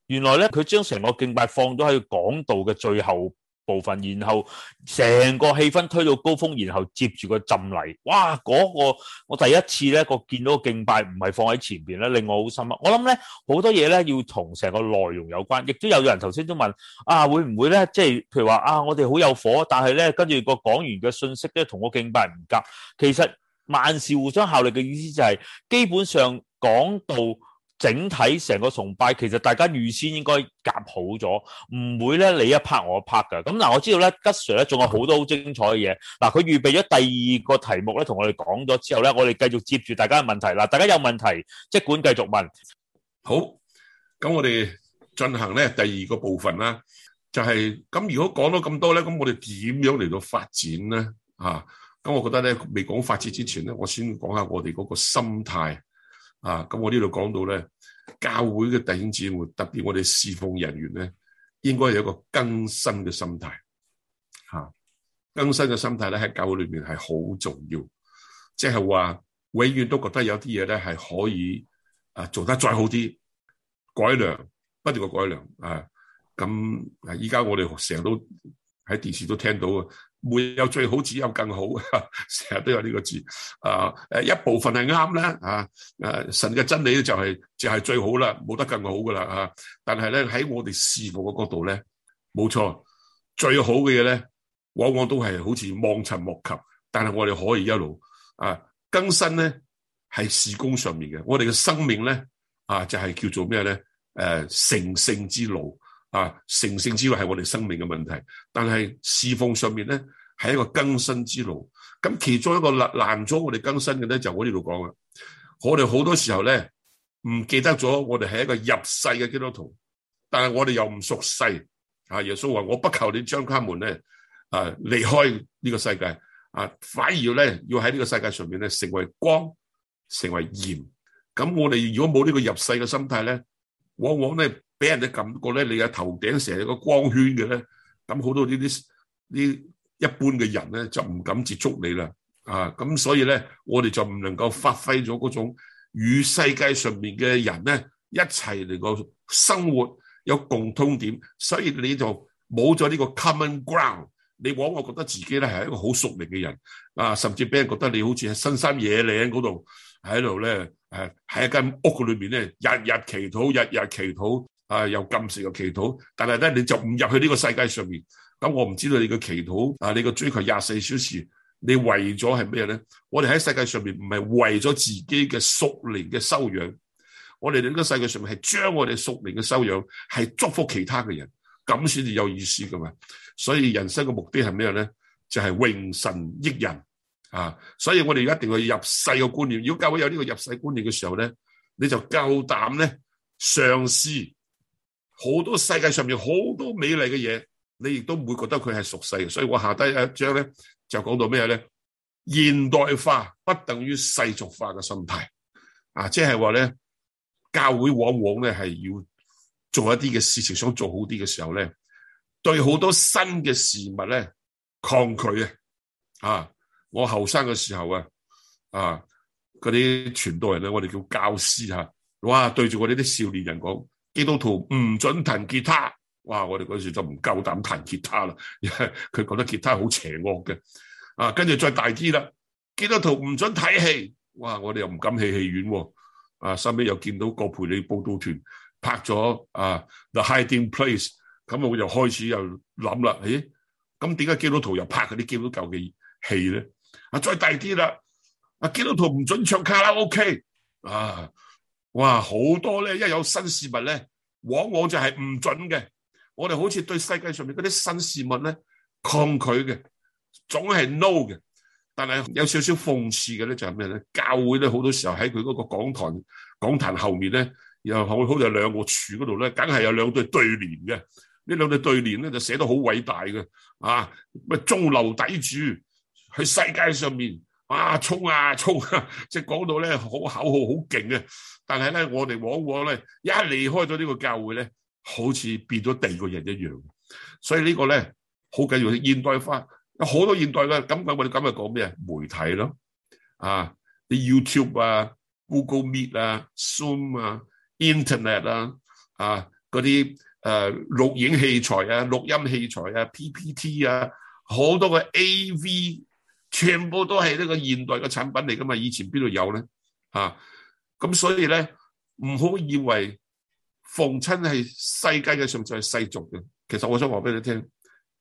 原來咧佢將成個敬拜放咗喺講道嘅最後部分，然後成個氣氛推到高峰，然後接住個浸禮，哇！嗰個我第一次咧個見到個敬拜唔係放喺前邊咧，令我好深刻啊！我諗咧好多嘢咧要同成個內容有關，亦都有人頭先都問啊，會唔會咧即係譬如話啊，我哋好有火，但係咧跟住個講完嘅信息咧同個敬拜唔夾，其實萬事互相效力嘅意思就係基本上講到。整體成個崇拜，其實大家預先應該夾好咗，唔會咧你一拍我一拍噶。咁嗱，我知道咧，吉 Sir 咧仲有好多好精彩嘅嘢。嗱，佢預備咗第二個題目咧，同我哋講咗之後咧，我哋繼續接住大家嘅問題。嗱，大家有問題，即管繼續問。好，咁我哋進行咧第二個部分啦，就係咁。如果講咗咁多咧，咁我哋點樣嚟到發展咧？啊，咁我覺得咧，未講發展之前咧，我先講下我哋嗰個心態。啊，咁我呢度講到咧，教會嘅弟兄姊妹，特別我哋侍奉人員咧，應該有一個更新嘅心態。吓、啊，更新嘅心態咧喺教會裏面係好重要，即係話永遠都覺得有啲嘢，咧係可以啊做得再好啲，改良不斷嘅改良啊。咁依家我哋成日都喺電視都聽到啊。沒有最好，只有更好，成日都有呢個字。啊，誒，一部分係啱啦，吓，誒，神嘅真理咧就係、是、就係、是、最好啦，冇得更好噶啦吓。但係咧喺我哋事物嘅角度咧，冇錯，最好嘅嘢咧，往往都係好似望塵莫及。但係我哋可以一路啊更新咧，係事工上面嘅，我哋嘅生命咧啊就係、是、叫做咩咧？誒，成聖之路。啊！成聖之路係我哋生命嘅問題，但係侍奉上面咧係一個更新之路。咁其中一個攔阻我哋更新嘅咧，就是、我呢度講嘅。我哋好多時候咧唔記得咗，我哋係一個入世嘅基督徒，但係我哋又唔熟世。啊，耶穌話：我不求你將他們咧啊離開呢個世界啊，反而咧要喺呢個世界上面咧成為光，成為鹽。咁我哋如果冇呢個入世嘅心態咧，往往咧。俾人哋感覺咧，你嘅頭頂成個光圈嘅咧，咁好多呢啲呢一般嘅人咧就唔敢接觸你啦，啊，咁所以咧我哋就唔能夠發揮咗嗰種與世界上面嘅人咧一齊嚟個生活有共通點，所以你就冇咗呢個 common ground。你往往覺得自己咧係一個好屬靈嘅人，啊，甚至俾人覺得你好似喺深山野嶺嗰度喺度咧，誒喺、啊、一間屋嘅裏面咧日日祈禱，日日祈禱。日日祈禱。啊！又禁食又祈禱，但係咧，你就唔入去呢個世界上面。咁我唔知道你嘅祈禱啊，你嘅追求廿四小時，你為咗係咩咧？我哋喺世界上面唔係為咗自己嘅屬靈嘅修養，我哋喺呢個世界上面係將我哋屬靈嘅修養係祝福其他嘅人咁先至有意思噶嘛。所以人生嘅目的係咩咧？就係、是、榮神益人啊！所以我哋一定要入世嘅觀念。如果教會有呢個入世觀念嘅時候咧，你就夠膽咧嘗試。好多世界上面好多美麗嘅嘢，你亦都唔會覺得佢係俗世嘅，所以我下低一張咧就講到咩咧？現代化不等於世俗化嘅心態啊，即係話咧，教會往往咧係要做一啲嘅事情想做好啲嘅時候咧，對好多新嘅事物咧抗拒啊，啊！啊，我後生嘅時候啊啊，嗰啲傳道人咧，我哋叫教師吓、啊，哇，對住我哋啲少年人講。基督徒唔准彈吉他，哇！我哋嗰時就唔夠膽彈吉他啦，佢覺得吉他好邪惡嘅。啊，跟住再大啲啦，基督徒唔准睇戲，哇！我哋又唔敢去戲院喎、啊。啊，後屘又見到葛培理佈道團拍咗啊《The Hiding Place》，咁我就開始又諗啦，誒、哎，咁點解基督徒又拍嗰啲基督教嘅戲咧？啊，再大啲啦，啊，基督徒唔准唱卡拉 OK，啊！哇，好多咧！一有新事物咧，往往就係唔準嘅。我哋好似對世界上面嗰啲新事物咧抗拒嘅，總係 no 嘅。但係有少少諷刺嘅咧，就係咩咧？教會咧好多時候喺佢嗰個講壇講壇後面咧，又好似兩個柱嗰度咧，梗係有兩對對聯嘅。呢兩對對聯咧就寫得好偉大嘅，啊咩中流砥柱喺世界上面，啊，衝啊衝啊！即係、啊、講到咧，好口號，好勁嘅。但係咧，我哋往往咧一離開咗呢個教會咧，好似變咗第二個人一樣。所以個呢個咧好緊要，現代化有好多現代化，咁我哋今日講咩啊？媒體咯，啊啲 YouTube 啊、Google Meet 啊、Zoom 啊、Internet 啊、啊嗰啲誒錄影器材啊、錄音器材啊、PPT 啊，好多個 AV 全部都係呢個現代嘅產品嚟㗎嘛。以前邊度有咧啊？咁所以咧，唔好以為逢親係世界嘅上就係世俗嘅。其實我想話俾你聽，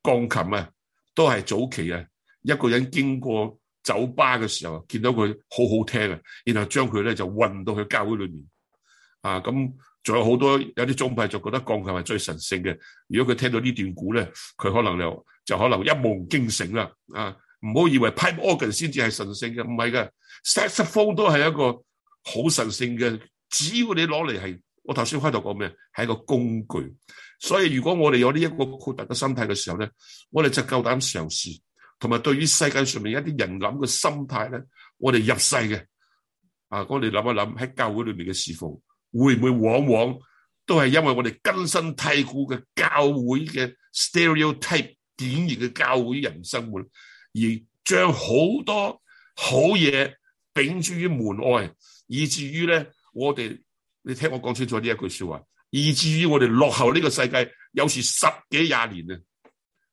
鋼琴啊，都係早期啊，一個人經過酒吧嘅時候見到佢好好聽啊，然後將佢咧就運到去教會裏面啊。咁仲有好多有啲宗派就覺得鋼琴係最神聖嘅。如果佢聽到呢段鼓咧，佢可能就，就可能一夢驚醒啦。啊，唔好以為 pipe organ 先至係神聖嘅，唔係嘅，saxophone 都係一個。好神聖嘅，只要你攞嚟係，我剛才頭先開頭講咩，係一個工具。所以如果我哋有呢一個豁達嘅心態嘅時候咧，我哋就夠膽嘗試。同埋對於世界上面一啲人諗嘅心態咧，我哋入世嘅。啊，我哋諗一諗喺教會裏面嘅事況，會唔會往往都係因為我哋根深蒂固嘅教會嘅 stereotype 典型嘅教會人生活，而將好多好嘢摒住於門外。以至於咧，我哋你聽我講清楚呢一句說話。以至於我哋落後呢個世界，有時十幾廿年啊。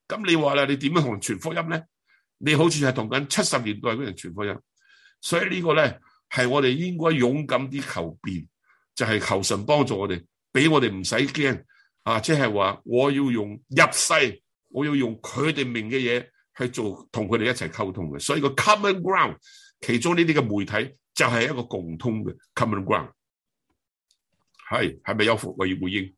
咁你話啦，你點樣同人傳福音咧？你好似係同緊七十年代嗰人傳福音，所以呢個咧係我哋應該勇敢啲求變，就係、是、求神幫助我哋，俾我哋唔使驚啊！即係話我要用入世，我要用佢哋明嘅嘢去做，同佢哋一齊溝通嘅。所以個 common ground，其中呢啲嘅媒體。就係一個共通嘅 common ground，係係咪有覆可以回應？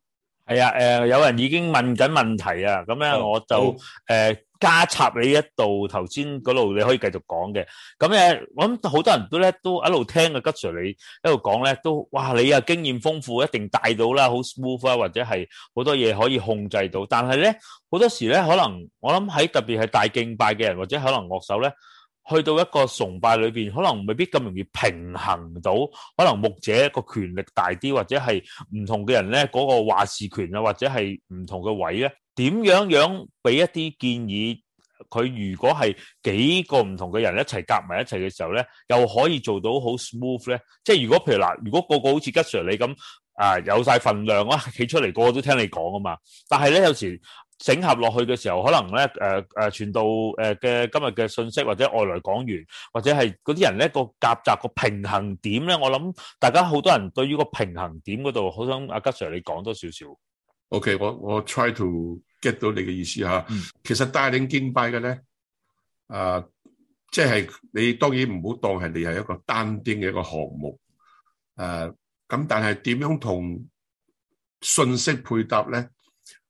係啊，誒，有人已經問緊問題啊，咁樣我就誒加插你一度，頭先嗰度你可以繼續講嘅。咁咧，咁我諗好多人都咧都一路聽啊，吉 sir 你一路講咧，都哇，你啊經驗豐富，一定帶到啦，好 smooth 啊，或者係好多嘢可以控制到。但係咧，好多時咧，可能我諗喺特別係大敬拜嘅人，或者可能樂手咧。去到一個崇拜裏面，可能未必咁容易平衡到。可能牧者個權力大啲，或者係唔同嘅人咧嗰、那個話事權啊，或者係唔同嘅位咧，點樣樣俾一啲建議？佢如果係幾個唔同嘅人一齊夾埋一齊嘅時候咧，又可以做到好 smooth 咧？即係如果譬如嗱，如果個個好似吉 Sir 你咁啊、呃，有晒份量啊，企出嚟個個都聽你講啊嘛。但係咧，有時～整合落去嘅時候，可能咧誒誒傳道誒嘅今日嘅信息或者外來港元，或者係嗰啲人咧個夾雜個平衡點咧，我諗大家好多人對於個平衡點嗰度，好想阿吉 Sir 你講多少少。OK，我我 try to get 到你嘅意思吓。嗯、其實帶領敬拜嘅咧，誒、呃，即、就、係、是、你當然唔好當係你係一個單邊嘅一個項目。誒、呃，咁但係點樣同信息配搭咧？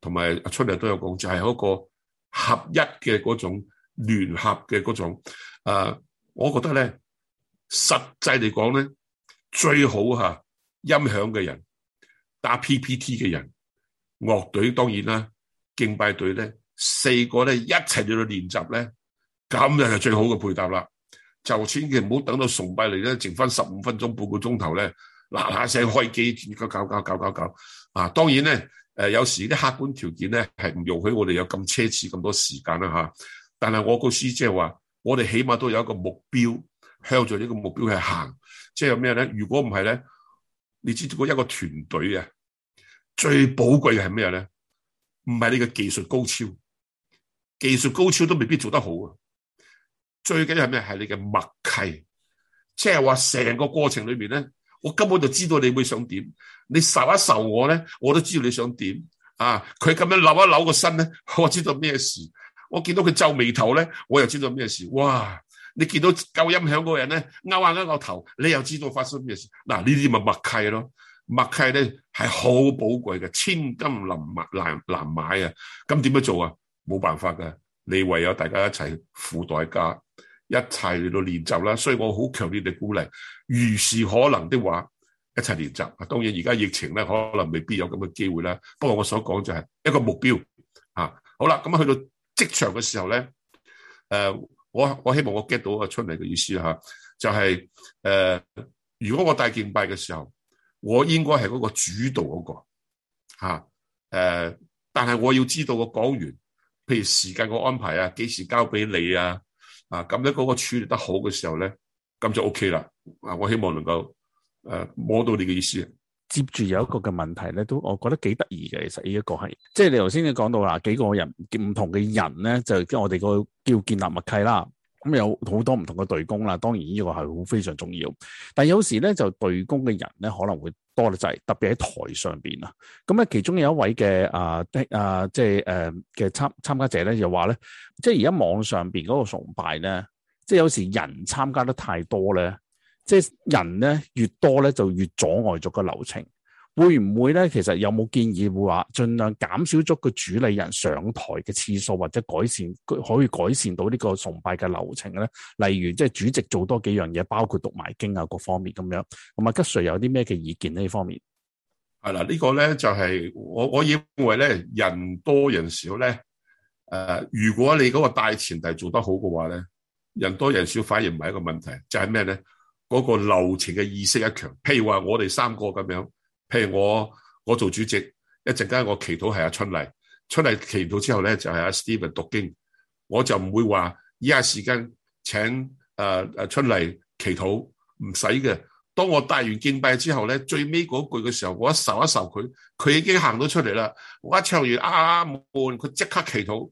同埋阿春都有講，就係、是、一個合一嘅嗰種聯合嘅嗰種，誒、呃，我覺得咧實際嚟講咧，最好吓音響嘅人打 PPT 嘅人，樂隊當然啦，敬拜隊咧，四個咧一齊喺度練習咧，咁樣係最好嘅配搭啦。就千祈唔好等到崇拜嚟咧，剩返十五分鐘半個鐘頭咧，嗱嗱聲開機，搞搞搞搞搞，啊，當然咧。誒，有時啲客觀條件咧係唔容許我哋有咁奢侈咁多時間啦吓，但係我個意思即係話，我哋起碼都有一個目標，向住呢個目標去行，即係有咩咧？如果唔係咧，你知唔知一個團隊啊，最寶貴嘅係咩咧？唔係你嘅技術高超，技術高超都未必做得好啊！最緊要係咩？係你嘅默契，即係話成個過程裏面咧。我根本就知道你會想點，你受一受我咧，我都知道你想點。啊，佢咁樣扭一扭個身咧，我知道咩事。我見到佢皺眉頭咧，我又知道咩事。哇！你見到夠音響個人咧，勾下個頭，你又知道發生咩事。嗱、啊，呢啲咪默契咯，默契咧係好寶貴嘅，千金難難難買啊！咁點樣做啊？冇辦法噶，你唯有大家一齊付代價。一齊嚟到練習啦，所以我好強烈地鼓勵，如是可能的話一齊練習。當然而家疫情咧，可能未必有咁嘅機會啦。不過我所講就係一個目標。啊，好啦，咁去到職場嘅時候咧，誒、呃，我我希望我 get 到個出嚟嘅意思吓，啊，就係、是、誒、呃，如果我帶敬拜嘅時候，我應該係嗰個主導嗰、那個吓、誒、啊、呃，但係我要知道個講完，譬如時間嘅安排啊，幾時交俾你啊。啊，咁咧嗰個處理得好嘅時候咧，咁就 OK 啦。啊，我希望能夠誒、啊、摸到你嘅意思。接住有一個嘅問題咧，都我覺得幾得意嘅。其實呢一個係，即係你頭先你講到嗱，幾個人唔同嘅人咧，就我哋個叫建立默契啦。咁有好多唔同嘅隊工啦，當然呢個係好非常重要。但有時咧就隊工嘅人咧，可能會多得滯，特別喺台上邊啊。咁其中有一位嘅啊啊，即係誒嘅參參加者咧，就話咧，即係而家網上邊嗰個崇拜咧，即係有時人參加得太多咧，即係人咧越多咧就越阻礙咗個流程。會唔會咧？其實有冇建議會話盡量減少咗個主理人上台嘅次數，或者改善可以改善到呢個崇拜嘅流程咧？例如即係主席做多幾樣嘢，包括讀埋經啊，各方面咁樣。同埋吉 Sir 有啲咩嘅意見呢？方面係啦，呢個咧就係、是、我我認為咧，人多人少咧，誒、呃，如果你嗰個大前提做得好嘅話咧，人多人少反而唔係一個問題。就係咩咧？嗰、那個流程嘅意識一強，譬如話我哋三個咁樣。譬如我我做主席，一陣間我祈禱係阿春麗，春麗祈完禱之後咧就係、是、阿 Steven 讀經，我就唔會話依家時間請誒誒、呃、春麗祈禱唔使嘅。當我帶完敬拜之後咧，最尾嗰句嘅時候，我一受一受佢，佢已經行到出嚟啦。我一唱完啊冇悶，佢即刻祈禱，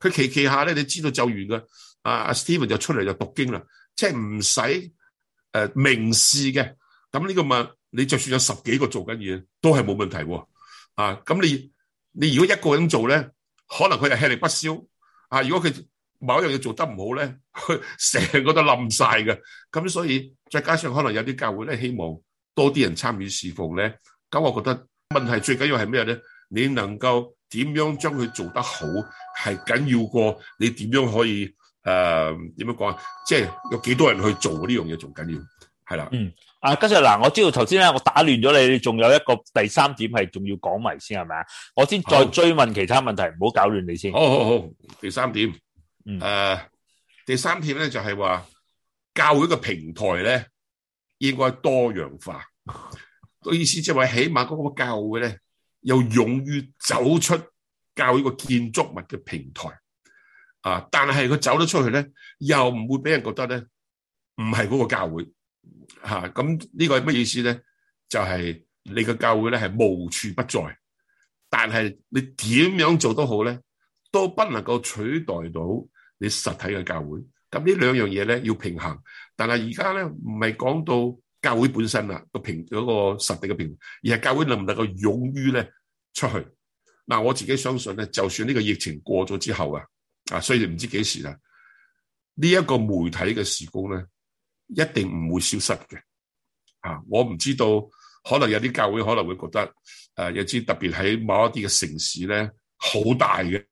佢祈祈下咧，你知道就完噶。阿、呃、Steven 就出嚟就讀經啦，即係唔使誒明示嘅。咁呢個咪？你就算有十幾個做緊嘢，都係冇問題喎。啊，咁你你如果一個人做咧，可能佢係吃力不消。啊，如果佢某一樣嘢做得唔好咧，佢成個都冧晒嘅。咁所以再加上可能有啲教會咧，希望多啲人參與侍奉咧。咁我覺得問題最緊要係咩咧？你能夠點樣將佢做得好，係緊要過你點樣可以誒？點樣講啊？即係、就是、有幾多人去做呢樣嘢，仲緊要係啦。嗯。啊，跟住嗱，我知道頭先咧，我打亂咗你，你仲有一個第三點係仲要講埋先係咪啊？我先再追問其他問題，唔好搞亂你先。好好好，第三點，誒，第三點咧就係話教會嘅平台咧應該多樣化，個意思即係話起碼嗰個教會咧又勇於走出教會個建築物嘅平台，啊，但係佢走得出去咧，又唔會俾人覺得咧唔係嗰個教會。吓咁呢個係乜意思咧？就係、是、你個教會咧係無處不在，但係你點樣做都好咧，都不能夠取代到你實體嘅教會。咁呢兩樣嘢咧要平衡，但係而家咧唔係講到教會本身啦，個平、嗰個實體嘅平衡，而係教會能唔能夠勇於咧出去？嗱，我自己相信咧，就算呢個疫情過咗之後啊，啊，雖然唔知幾時啦，呢一個媒體嘅事工咧。一定唔會消失嘅啊！我唔知道，可能有啲教會可能會覺得誒、啊，有啲特別喺某一啲嘅城市咧，好大嘅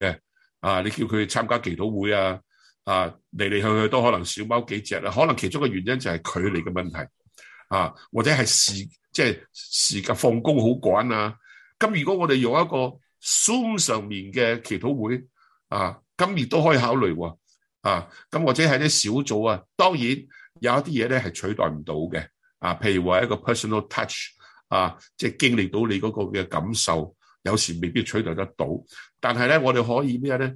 啊。你叫佢參加祈禱會啊啊，嚟嚟去去都可能小貓幾隻啦、啊。可能其中嘅原因就係距離嘅問題啊，或者係時即係、就是、時間放工好趕啊。咁如果我哋用一個 Zoom 上面嘅祈禱會啊，今年都可以考慮喎啊。咁、啊、或者係啲小組啊，當然。有一啲嘢咧係取代唔到嘅，啊，譬如話一個 personal touch，啊，即係經歷到你嗰個嘅感受，有時未必取代得到。但係咧，我哋可以咩咧？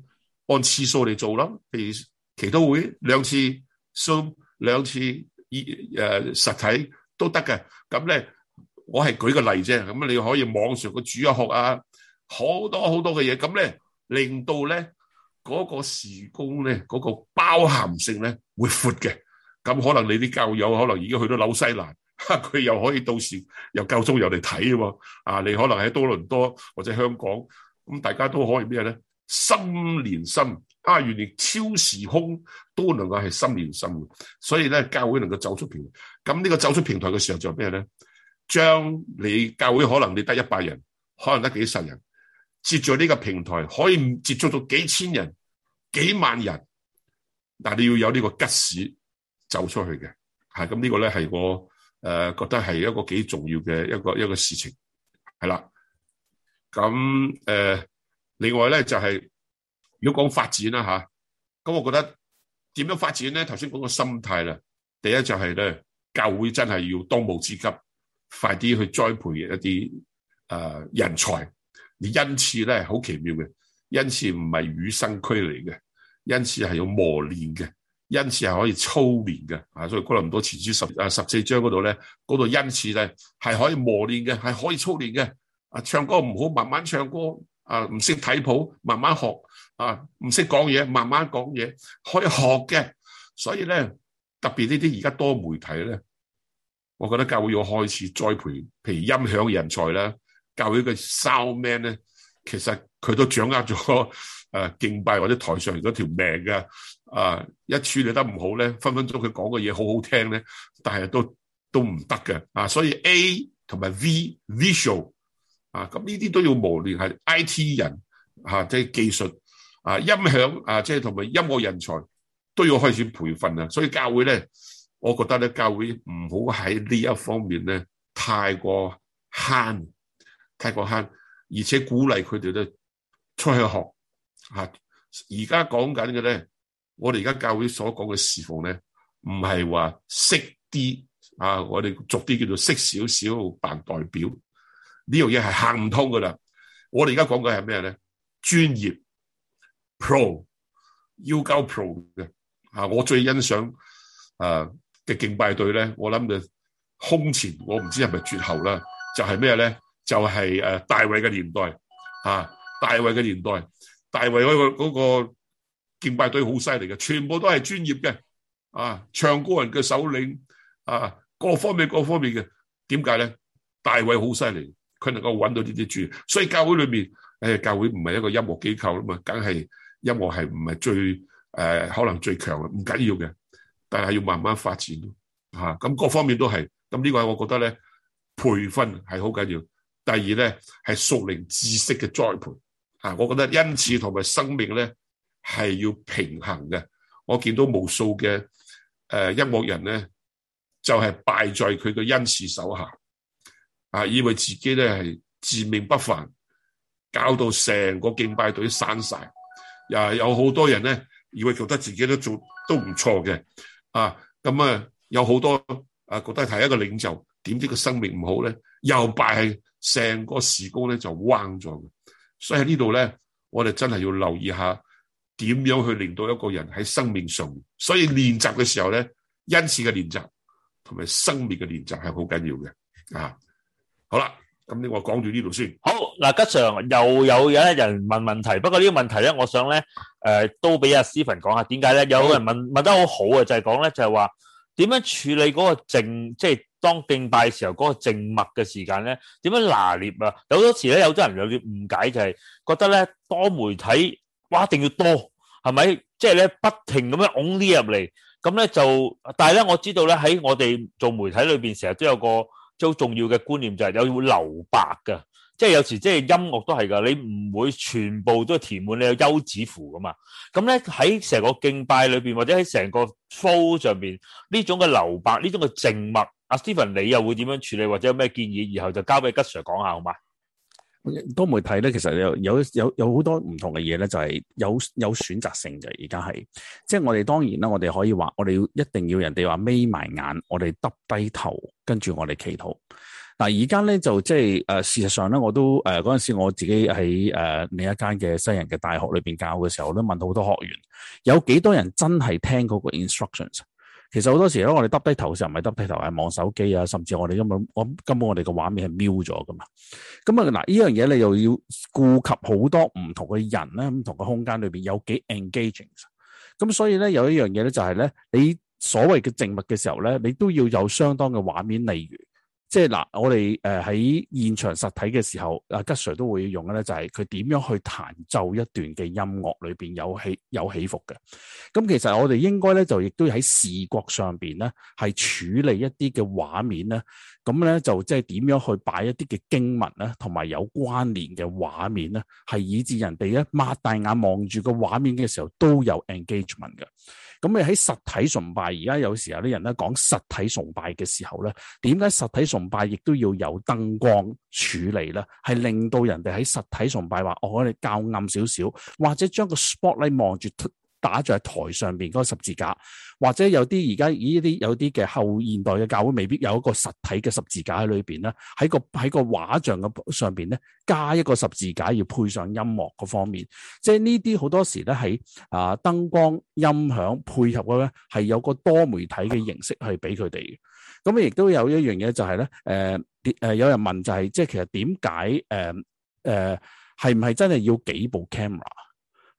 按次數嚟做咯，譬如祈禱會兩次，Zoom 兩次呃，實體都得嘅。咁咧，我係舉個例啫。咁你可以網上個主日學啊，好多好多嘅嘢。咁咧，令到咧，嗰個時空咧，嗰個包含性咧會闊嘅。咁可能你啲教友可能已經去到紐西蘭，佢又可以到時又夠鐘又嚟睇喎。啊，你可能喺多倫多或者香港，咁大家都可以咩咧？心連心，啊，原來超時空都能夠係心連心。所以咧，教會能夠走出平台。咁呢個走出平台嘅時候就係咩咧？將你教會可能你得一百人，可能得幾十人，接住呢個平台可以接觸到幾千人、幾萬人。但係你要有呢個吉士。走出去嘅，係咁呢個咧係我誒、呃、覺得係一個幾重要嘅一個一個事情，係啦。咁誒、呃，另外咧就係如果講發展啦吓，咁、啊、我覺得點樣發展咧？頭先講個心態啦，第一就係咧，教會真係要當務之急，快啲去栽培一啲誒、呃、人才。你因此咧，好奇妙嘅，因此唔係與生俱來嘅，因此係要磨練嘅。因此係可以操練嘅，啊，所以哥林多前書十啊，十四章嗰度咧，嗰度因此咧係可以磨練嘅，係可以操練嘅。啊，唱歌唔好，慢慢唱歌，啊，唔識睇譜，慢慢學，啊，唔識講嘢，慢慢講嘢，可以學嘅。所以咧，特別呢啲而家多媒體咧，我覺得教會要開始栽培，譬如音響人才啦，教會嘅 sound man 咧，其實佢都掌握咗誒、啊、敬拜或者台上嗰條命嘅。啊！一處理得唔好咧，分分鐘佢講嘅嘢好好聽咧，但係都都唔得嘅啊！所以 A 同埋 V visual 啊，咁呢啲都要磨練係 IT 人嚇，即係，啊，就係技術啊，音響啊，即係同埋音樂人才都要開始培訓啦。所以教會咧，我覺得咧，教會唔好喺呢一方面咧，太過慳，太過慳，而且鼓勵佢哋咧出去學嚇。而家講緊嘅咧。我哋而家教會所講嘅事奉咧，唔係話識啲啊，我哋俗啲叫做識少少扮代表呢樣嘢係行唔通噶啦。我哋而家講嘅係咩咧？專業 pro 要交 pro 嘅啊！我最欣賞誒嘅敬拜隊咧，我諗就空前，我唔知係咪絕後啦。就係咩咧？就係誒大衛嘅年代啊！大衛嘅年代，啊，年代，大衛嗰個、嗰個。嗰個敬拜隊好犀利嘅，全部都係專業嘅，啊，唱歌人嘅首領，啊，各方面各方面嘅，點解咧？大衛好犀利，佢能夠搵到呢啲主，所以教會裏面，誒、哎，教會唔係一個音樂機構啊嘛，梗係音樂係唔係最誒、呃、可能最強嘅，唔緊要嘅，但係要慢慢發展，吓、啊，咁各方面都係，咁呢個係我覺得咧，培訓係好緊要，第二咧係屬靈知識嘅栽培，啊，我覺得恩賜同埋生命咧。係要平衡嘅，我見到無數嘅誒音樂人咧，就係、是、敗在佢嘅恩賜手下，啊，以為自己咧係自命不凡，搞到成個敬拜隊散晒，又、啊、有好多人咧，以為覺得自己都做都唔錯嘅，啊，咁啊有好多啊覺得係一個領袖，點知個生命唔好咧，又敗係成個事工咧就彎咗嘅，所以喺呢度咧，我哋真係要留意一下。點樣去令到一個人喺生命上？所以練習嘅時候咧，恩賜嘅練習同埋生命嘅練習係好緊要嘅。啊，好啦，咁呢個講住呢度先。好嗱，吉 Sir 又有一個人問問題，不過呢個問題咧，我想咧，誒，都俾阿 Stephen 講下點解咧？有個人問問得好好嘅，就係講咧，就係話點樣處理嗰個靜，即係當敬拜嘅時候嗰個靜默嘅時間咧？點樣拿捏啊？有好多時咧，有啲人有啲誤解就係覺得咧，多媒體。哇，一定要多，係咪？即係咧，不停咁樣拱啲入嚟，咁咧就，但係咧，我知道咧喺我哋做媒體裏邊，成日都有一個最、就係有，即係好重要嘅觀念，就係有會留白嘅，即係有時即係音樂都係㗎，你唔會全部都填滿，你有休止符噶嘛。咁咧喺成個敬拜裏邊，或者喺成個 flow 上邊，呢種嘅留白，呢種嘅靜默，阿 Stephen 你又會點樣處理，或者有咩建議？然後就交俾吉 Sir 講下，好嘛。多媒體咧，其實有有有有好多唔同嘅嘢咧，就係、是、有有選擇性嘅。而家係，即係我哋當然啦，我哋可以話，我哋一定要人哋話眯埋眼，我哋耷低頭，跟住我哋祈禱。嗱，而家咧就即係誒，事實上咧，我都誒嗰陣時我自己喺誒、呃、另一間嘅西人嘅大學裏邊教嘅時候，我都問好多學員，有幾多人真係聽嗰個 instructions？其實好多時咧，我哋耷低頭嘅時候唔係耷低頭，係望手機啊，甚至我哋根本我根本我哋個畫面係瞄咗㗎嘛。咁啊嗱，呢樣嘢你又要顧及好多唔同嘅人咧，唔同嘅空間裏邊有幾 engaging。咁所以咧有一樣嘢咧就係咧，你所謂嘅靜物嘅時候咧，你都要有相當嘅畫面，例如。即係嗱，我哋誒喺現場實體嘅時候，阿吉 Sir 都會用嘅咧，就係佢點樣去彈奏一段嘅音樂裏邊有起有起伏嘅。咁其實我哋應該咧就亦都喺視覺上邊咧係處理一啲嘅畫面咧，咁咧就即係點樣去擺一啲嘅經文咧，同埋有關聯嘅畫面咧，係以致人哋咧擘大眼望住個畫面嘅時候都有 engagement 嘅。咁你喺實體崇拜，而家有時候啲人咧講實體崇拜嘅時候咧，點解實體崇拜亦都要有燈光處理咧？係令到人哋喺實體崇拜話，我哋較暗少少，或者將個 spotlight 咧望住，打在台上面嗰十字架，或者有啲而家呢啲有啲嘅後現代嘅教會未必有一個實體嘅十字架喺裏邊啦。喺個喺個畫像嘅上邊咧，加一個十字架，要配上音樂嗰方面，即係呢啲好多時咧喺啊燈光音響配合嗰咧，係有個多媒體嘅形式去俾佢哋嘅。咁亦都有一樣嘢就係、是、咧，誒、呃、誒、呃、有人問就係、是、即係其實點解誒誒係唔係真係要幾部 camera？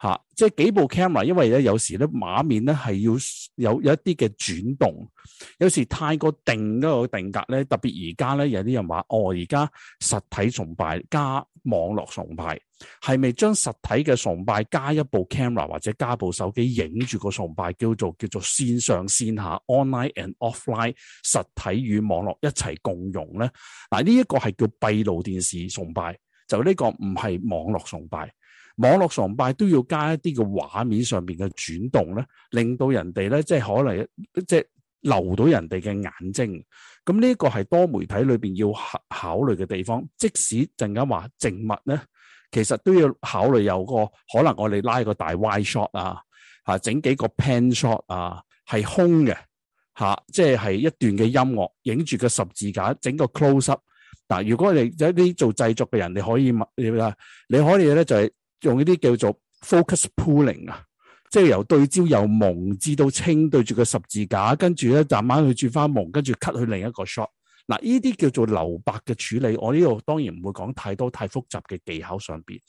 啊！即係幾部 camera，因為咧有時咧畫面咧係要有有一啲嘅轉動，有時太過定嗰個定格咧，特別而家咧有啲人話，哦，而家實體崇拜加網絡崇拜，係咪將實體嘅崇拜加一部 camera 或者加部手機影住個崇拜叫做叫做線上線下 online and offline 實體與網絡一齊共用咧？嗱，呢一個係叫閉路電視崇拜，就呢個唔係網絡崇拜。網絡崇拜都要加一啲嘅畫面上邊嘅轉動咧，令到人哋咧即係可能即係留到人哋嘅眼睛。咁呢個係多媒體裏邊要考考慮嘅地方。即使陣間話靜物咧，其實都要考慮有個可能我哋拉個大 Y shot 啊，吓整幾個 pan shot 啊，係空嘅吓，即係係一段嘅音樂影住個十字架，整個 close up。嗱，如果你有啲做製作嘅人，你可以你啊，你可以咧就係、是。用呢啲叫做 focus pulling 啊，即係由對焦由蒙至到清，對住個十字架，跟住咧慢慢去轉翻蒙，跟住 cut 去另一個 shot。嗱，呢啲叫做留白嘅處理。我呢度當然唔會講太多太複雜嘅技巧上面。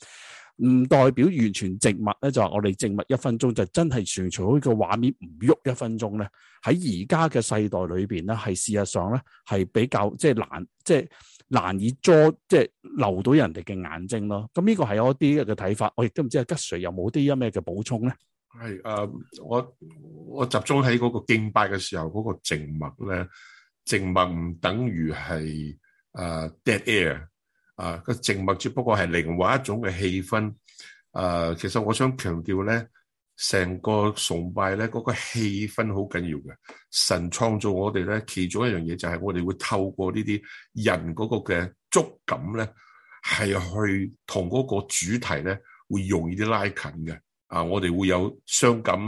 唔代表完全靜默咧，就話、是、我哋靜默一分鐘就真係全除開個畫面唔喐一分鐘咧，喺而家嘅世代裏邊咧，係事實上咧係比較即係難即係難以捉即係留到人哋嘅眼睛咯。咁、這、呢個係有一啲嘅睇法，我亦都唔知阿，吉 sir 有冇啲咩嘅補充咧。係誒，我我集中喺嗰個敬拜嘅時候，嗰、那個靜默咧，靜默唔等於係誒 dead air。啊！個靜默只不過係另外一種嘅氣氛。啊，其實我想強調咧，成個崇拜咧嗰個氣氛好緊要嘅。神創造我哋咧，其中一樣嘢就係我哋會透過呢啲人嗰個嘅觸感咧，係去同嗰個主題咧會容易啲拉近嘅。啊，我哋會有傷感、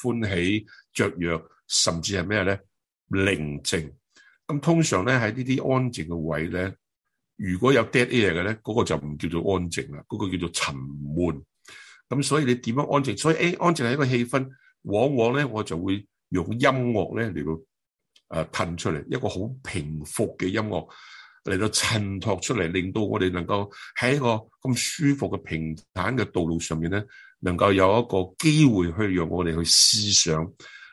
歡喜、雀躍，甚至係咩咧？寧靜。咁通常咧喺呢啲安靜嘅位咧。如果有 dead air 嘅咧，嗰、那個就唔叫做安靜啦，嗰、那個叫做沉悶。咁所以你點樣安靜？所以誒、欸，安靜係一個氣氛。往往咧，我就會用音樂咧嚟到誒褪出嚟，一個好平伏嘅音樂嚟到襯托出嚟，令到我哋能夠喺一個咁舒服嘅平坦嘅道路上面咧，能夠有一個機會去讓我哋去思想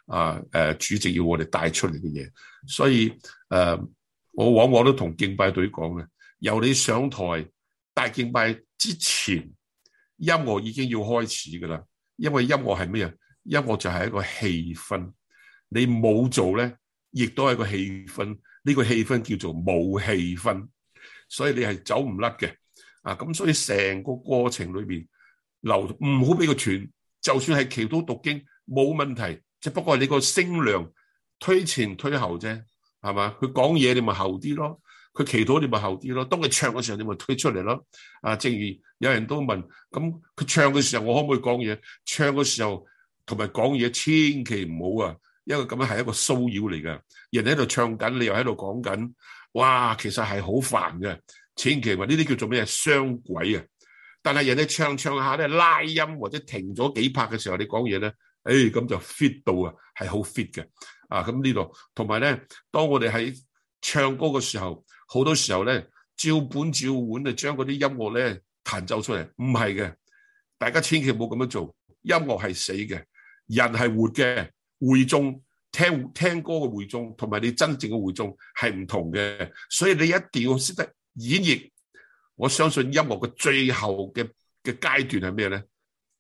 啊。誒、呃，主席要我哋帶出嚟嘅嘢，所以誒、呃，我往往都同敬拜隊講嘅。由你上台大敬拜之前，音樂已經要開始噶啦，因為音樂係咩啊？音樂就係一個氣氛，你冇做咧，亦都係個氣氛。呢個氣氛叫做冇氣氛，所以你係走唔甩嘅。啊，咁所以成個過程裏邊，留唔好俾佢斷。就算係祈禱讀經，冇問題，只不過係你個聲量推前推後啫，係嘛？佢講嘢你咪後啲咯。佢祈禱你咪後啲咯。當佢唱嘅時候，你咪推出嚟咯。啊，正如有人都問咁，佢唱嘅時候，我可唔可以講嘢？唱嘅時候同埋講嘢，千祈唔好啊，因為咁樣係一個騷擾嚟㗎。人喺度唱緊，你又喺度講緊，哇，其實係好煩嘅。千祈唔好話呢啲叫做咩？傷鬼啊！但係人哋唱着唱下咧，拉音或者停咗幾拍嘅時候，你講嘢咧，哎，咁就 fit 到啊，係好 fit 嘅。啊，咁呢度同埋咧，當我哋喺唱歌嘅時候。好多時候咧，照本照碗就將嗰啲音樂咧彈奏出嚟。唔係嘅，大家千祈唔好咁樣做。音樂係死嘅，人係活嘅，會眾聽，聽歌嘅會眾，同埋你真正嘅會眾係唔同嘅，所以你一定要識得演繹。我相信音樂嘅最後嘅嘅階段係咩咧？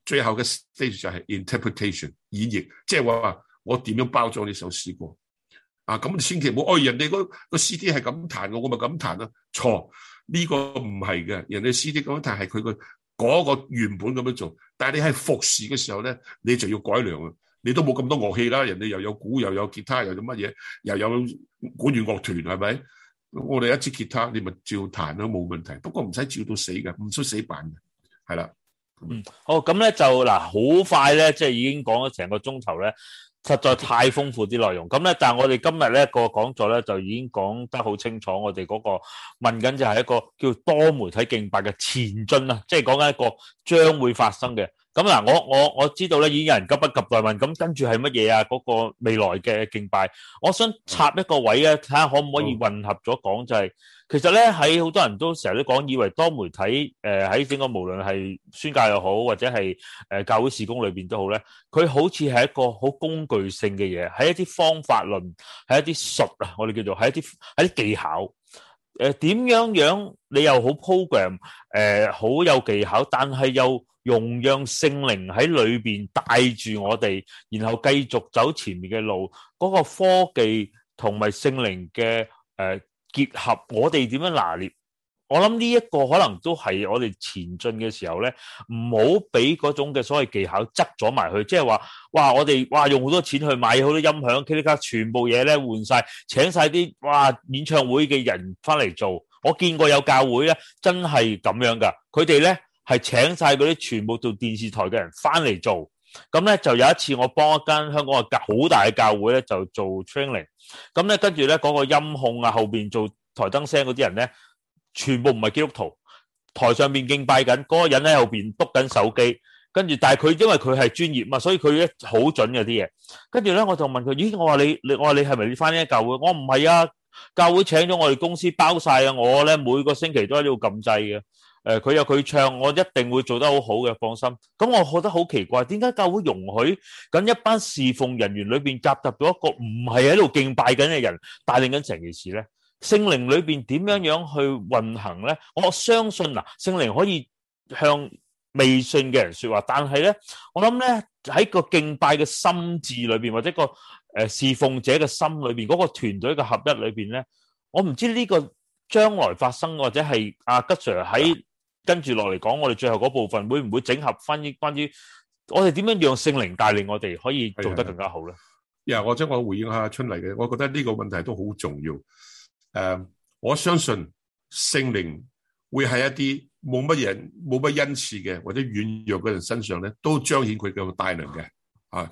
最後嘅 stage 就係 interpretation 演繹，即係話話我點樣包裝呢首詩歌。啊！咁你千祈唔好，哦、哎！人哋個 CD 係咁彈嘅，我咪咁彈咯、啊。錯，呢、呢個唔係嘅。人哋 CD 咁樣彈係佢個嗰個原本咁樣做，但係你喺服侍嘅時候咧，你就要改良啊！你都冇咁多樂器啦，人哋又有鼓，又有吉他，又有乜嘢，又有管弦樂團，係咪？我哋一支吉他，你咪照彈都、啊、冇問題。不過唔使照到死嘅，唔需死板嘅，係啦。嗯，好咁咧就嗱，好快咧，即、就、係、是、已經講咗成個鐘頭咧。實在太豐富啲內容咁咧，但係我哋今日咧個講座咧就已經講得好清楚，我哋嗰個問緊就係一個叫多媒體敬拜嘅前進啊，即係講緊一個將會發生嘅。咁嗱，我我我知道咧已經有人急不及待問，咁跟住係乜嘢啊？嗰個未來嘅敬拜。我想插一個位呢，睇下可唔可以混合咗講就係。嗯其實咧，喺好多人都成日都講，以為多媒體誒喺整個，無論係宣教又好，或者係誒教會事工裏邊都好咧，佢好似係一個好工具性嘅嘢，喺一啲方法論，喺一啲術啊，我哋叫做喺一啲喺技巧。誒，點樣樣你又好 program，誒，好有技巧，但係又容讓聖靈喺裏邊帶住我哋，然後繼續走前面嘅路。嗰個科技同埋聖靈嘅誒。結合我哋點樣拿捏？我諗呢一個可能都係我哋前進嘅時候咧，唔好俾嗰種嘅所謂技巧執咗埋去，即係話哇，我哋哇用好多錢去買好多音響，即刻全部嘢咧換晒，請晒啲哇演唱會嘅人翻嚟做。我見過有教會咧，真係咁樣㗎，佢哋咧係請晒嗰啲全部做電視台嘅人翻嚟做。咁咧就有一次，我幫一間香港嘅好大嘅教會咧就做 training，咁咧跟住咧嗰個音控啊，後邊做台燈聲嗰啲人咧，全部唔係基督徒，台上面敬拜緊，嗰個人喺後邊督緊手機，跟住但係佢因為佢係專業嘛，所以佢咧好準嗰啲嘢，跟住咧我就問佢，咦，我話你你我話你係咪要翻呢一教會？我唔係啊，教會請咗我哋公司包晒啊，我咧每個星期都喺呢度撳掣嘅。誒，佢有佢唱，我一定會做得好好嘅，放心。咁我覺得好奇怪，點解教會容許咁一班侍奉人員裏邊夾雜到一個唔係喺度敬拜緊嘅人帶領緊成件事咧？聖靈裏邊點樣樣去運行咧？我相信嗱，聖靈可以向未信嘅人說話，但係咧，我諗咧喺個敬拜嘅心智裏邊，或者個誒侍奉者嘅心裏邊嗰個團隊嘅合一裏邊咧，我唔知呢個將來發生或者係阿吉 sir 喺。跟住落嚟講，我哋最後嗰部分會唔會整合翻？於關於我哋點樣讓聖靈帶領我哋可以做得更加好咧？我將我回應下出嚟嘅，我覺得呢個問題都好重要。誒、uh,，我相信聖靈會喺一啲冇乜人、冇乜恩賜嘅或者軟弱嘅人身上咧，都彰顯佢嘅大能嘅。啊、uh,，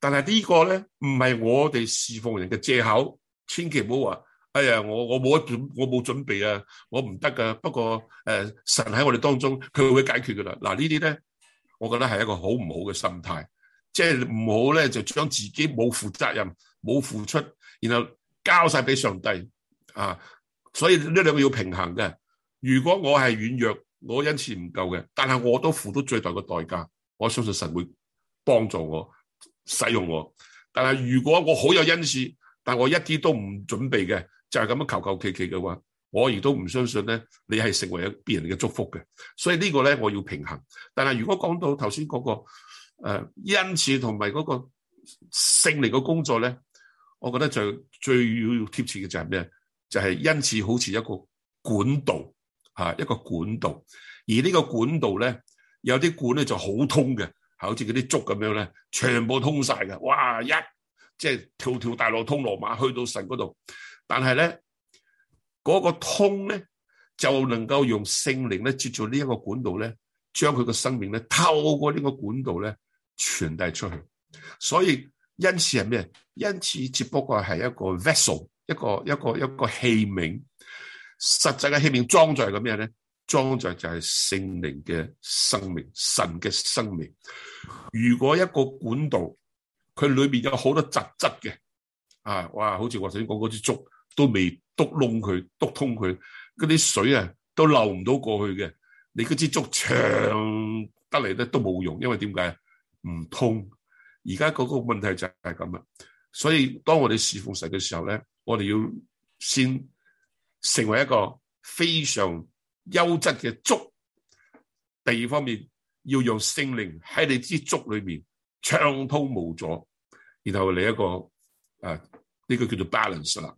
但係呢個咧唔係我哋侍奉人嘅借口，千祈唔好話。哎呀，我我冇一準，我冇準備啊，我唔得噶。不過，誒、呃，神喺我哋當中，佢會解決噶啦。嗱呢啲咧，我覺得係一個好唔好嘅心態，即係唔好咧就將、是、自己冇負責任、冇付出，然後交晒俾上帝啊。所以呢兩個要平衡嘅。如果我係軟弱，我恩賜唔夠嘅，但係我都付到最大嘅代價，我相信神會幫助我、使用我。但係如果我好有恩賜，但係我一啲都唔準備嘅。就係咁樣求求其其嘅話，我亦都唔相信咧，你係成為咗別人嘅祝福嘅。所以呢個咧，我要平衡。但係如果講到頭先嗰個誒恩賜同埋嗰個聖靈嘅工作咧，我覺得最最要貼切嘅就係咩？就係、是、恩賜好似一個管道嚇，一個管道。而呢個管道咧，有啲管咧就很通的好通嘅，係好似嗰啲竹咁樣咧，全部通晒嘅。哇！一即係條條大路通羅馬，去到神嗰度。但係咧，嗰個通咧就能夠用聖靈咧接住呢一個管道咧，將佢個生命咧透過呢個管道咧傳遞出去。所以因此係咩？因此只不過係一個 vessel，一個一個一個，一個器皿。實際嘅器皿裝載係咩咧？裝載就係聖靈嘅生命，神嘅生命。如果一個管道佢裏面有好多雜質嘅，啊，哇，好似我頭先講嗰支竹。都未篤窿佢篤通佢，嗰啲水啊都流唔到過去嘅。你嗰支竹長得嚟咧都冇用，因為點解，唔通。而家嗰個問題就係咁啊，所以當我哋侍奉神嘅時候咧，我哋要先成為一個非常優質嘅竹。第二方面要用聖靈喺你支竹裏面暢通無阻，然後嚟一個誒呢、啊這個叫做 balance 啦。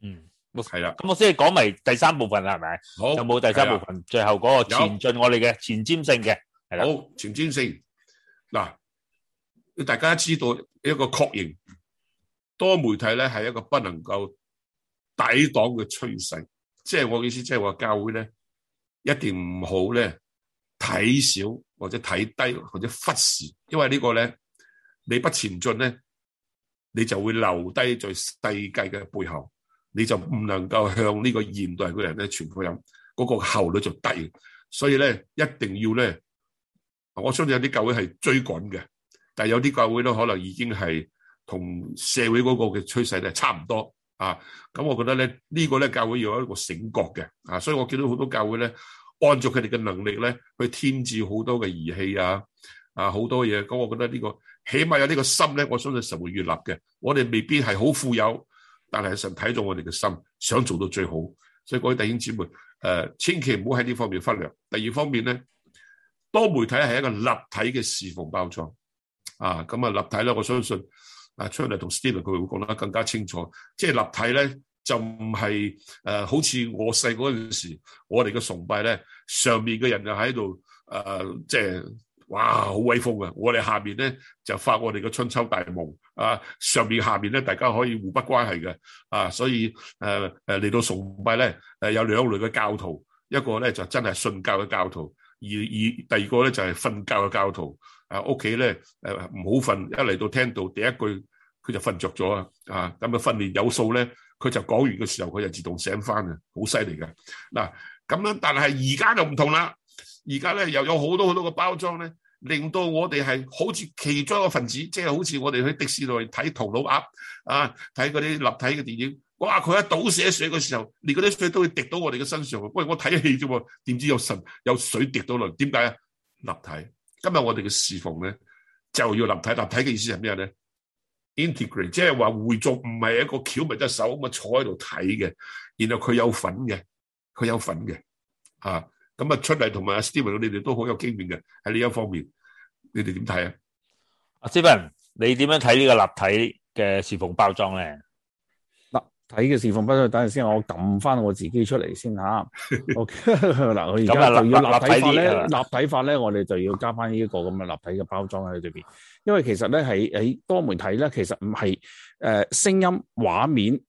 嗯，係啦的，咁我先係講埋第三部分啦，係咪？好，有冇第三部分？的最後嗰個前進，我哋嘅前瞻性嘅，係啦有的，前瞻性。嗱，大家知道一個確認，多媒體咧係一個不能夠抵擋嘅趨勢，即係我嘅意思，即係話教會咧一定唔好咧睇少或者睇低或者忽視，因為呢個咧你不前進咧，你就會留低在世界嘅背後。你就唔能夠向呢個現代嘅人咧傳福音，嗰個效率就低。所以咧，一定要咧，我相信有啲教會係追趕嘅，但係有啲教會都可能已經係同社會嗰個嘅趨勢咧差唔多啊。咁我覺得咧，呢個咧教會要有一個醒覺嘅啊。所以我見到好多教會咧，按照佢哋嘅能力咧，去添置好多嘅儀器啊啊，好多嘢。咁我覺得呢個起碼有呢個心咧，我相信神會悅納嘅。我哋未必係好富有。但係神睇咗我哋嘅心，想做到最好，所以各位弟兄姊妹，誒、呃，千祈唔好喺呢方面忽略。第二方面咧，多媒體係一個立體嘅侍奉包裝，啊，咁啊立體咧，我相信阿 Charles 同 Stephen 佢會講得更加清楚。即係立體咧，就唔係誒，好似我細嗰陣時候，我哋嘅崇拜咧，上面嘅人在裡、呃、就喺度誒，即係哇好威風啊！我哋下邊咧就發我哋嘅春秋大夢。啊，上面下面咧，大家可以互不關係嘅，啊，所以誒誒嚟到崇拜咧，誒、啊、有兩類嘅教徒，一個咧就真係信教嘅教徒，而而第二個咧就係瞓覺嘅教徒。啊，屋企咧誒唔好瞓，一嚟到聽到第一句佢就瞓着咗啊，啊，咁啊訓練有素咧，佢就講完嘅時候佢就自動醒返啊，好犀利㗎，嗱咁樣，但係而家就唔同啦，而家咧又有好多好多嘅包裝咧。令到我哋係好似其中一個分子，即係好似我哋去迪士尼睇唐老鴨啊，睇嗰啲立體嘅電影。哇！佢喺倒瀉水嘅時候，連嗰啲水都會滴到我哋嘅身上。喂，我睇戲啫喎，點知有神有水滴到嚟？點解啊？立體。今日我哋嘅侍奉咧就要立體，立體嘅意思係咩咧？Integrate，即係話匯聚，唔係一個翹埋隻手咁啊坐喺度睇嘅。然後佢有份嘅，佢有份嘅，啊。咁啊，出嚟同埋阿 Steven 你哋都好有經驗嘅喺呢一方面，你哋點睇啊？阿 Steven 你點樣睇呢個立體嘅侍奉包裝咧？立體嘅侍奉包裝，等陣先，我撳翻我自己出嚟先吓。嗱、 okay，我而家就要立體法咧， 立體法咧，我哋就要加翻呢一個咁嘅立體嘅包裝喺對邊。因為其實咧喺喺多媒體咧，其實唔係誒聲音、畫面、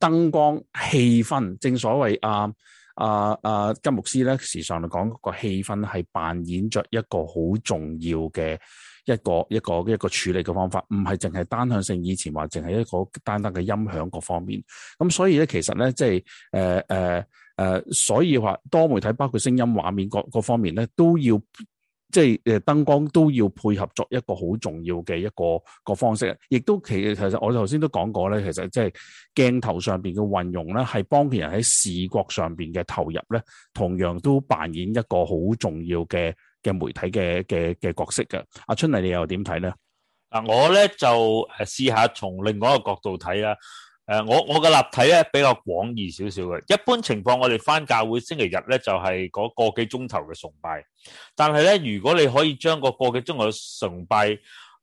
燈光、氣氛，正所謂啊。呃啊啊金牧師咧，時常嚟講個個氣氛係扮演着一個好重要嘅一個一個一個，一個處理嘅方法，唔係淨係單向性。以前話淨係一個單單嘅音響各方面，咁所以咧，其實咧，即係誒誒所以話多媒體包括聲音、畫面各各方面咧，都要。即係誒，燈光都要配合作一個好重要嘅一個一個方式，亦都其其實我頭先都講過咧，其實即係鏡頭上邊嘅運用咧，係幫其他人喺視覺上邊嘅投入咧，同樣都扮演一個好重要嘅嘅媒體嘅嘅嘅角色嘅。阿春麗你又點睇咧？我咧就誒試下從另外一個角度睇啦。誒，我我嘅立體咧比較廣義少少嘅。一般情況，我哋返教會星期日咧就係嗰個幾鐘頭嘅崇拜。但係咧，如果你可以將個個幾鐘頭嘅崇拜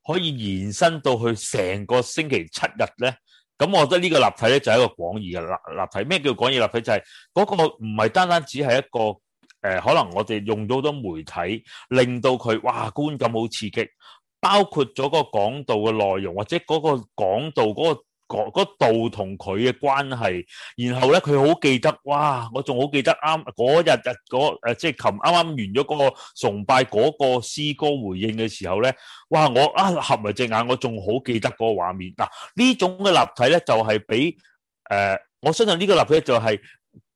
可以延伸到去成個星期七日咧，咁我覺得呢個立體咧就係一個廣義嘅立立體。咩叫廣義立體？就係嗰個唔係單單只係一個誒，可能我哋用咗好多媒體，令到佢哇觀感好刺激，包括咗個講道嘅內容或者嗰個講道嗰個。嗰嗰道同佢嘅關係，然後咧佢好記得，哇！我仲好記得啱嗰日日嗰誒，即係琴啱啱完咗嗰個崇拜嗰個詩歌回應嘅時候咧，哇！我啊合埋隻眼，我仲好記得嗰個畫面。嗱，呢種嘅立體咧，就係俾誒，我相信呢個立體就係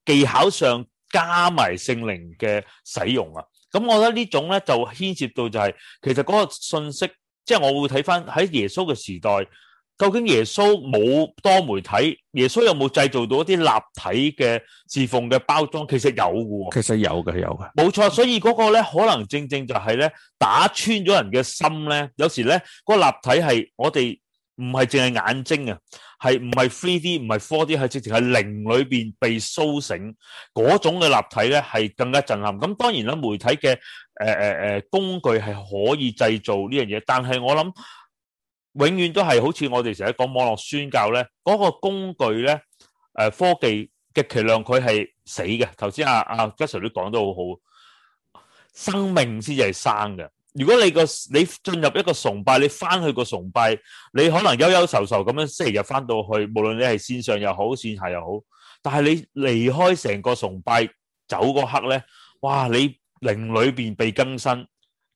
技巧上加埋聖靈嘅使用啊。咁我覺得呢種咧就牽涉到就係，其實嗰個信息，即係我會睇翻喺耶穌嘅時代。究竟耶穌冇多媒體？耶穌有冇製造到一啲立體嘅侍奉嘅包裝？其實有嘅，其實有嘅，有嘅。冇錯，所以嗰個咧，可能正正就係咧打穿咗人嘅心咧。有時咧，個立體係我哋唔係淨係眼睛啊，係唔係 three D 唔係 four D，係直情係靈裏邊被蘇醒嗰種嘅立體咧，係更加震撼。咁當然啦，媒體嘅誒誒誒工具係可以製造呢樣嘢，但係我諗。永遠都係好似我哋成日講網絡宣教咧，嗰個工具咧，誒科技極其量佢係死嘅。頭先阿阿吉 Sir 都講得好好，生命先至係生嘅。如果你個你進入一個崇拜，你翻去個崇拜，你可能悠悠愁愁咁樣星期日翻到去，無論你係線上又好，線下又好，但係你離開成個崇拜走嗰刻咧，哇！你靈裏邊被更新。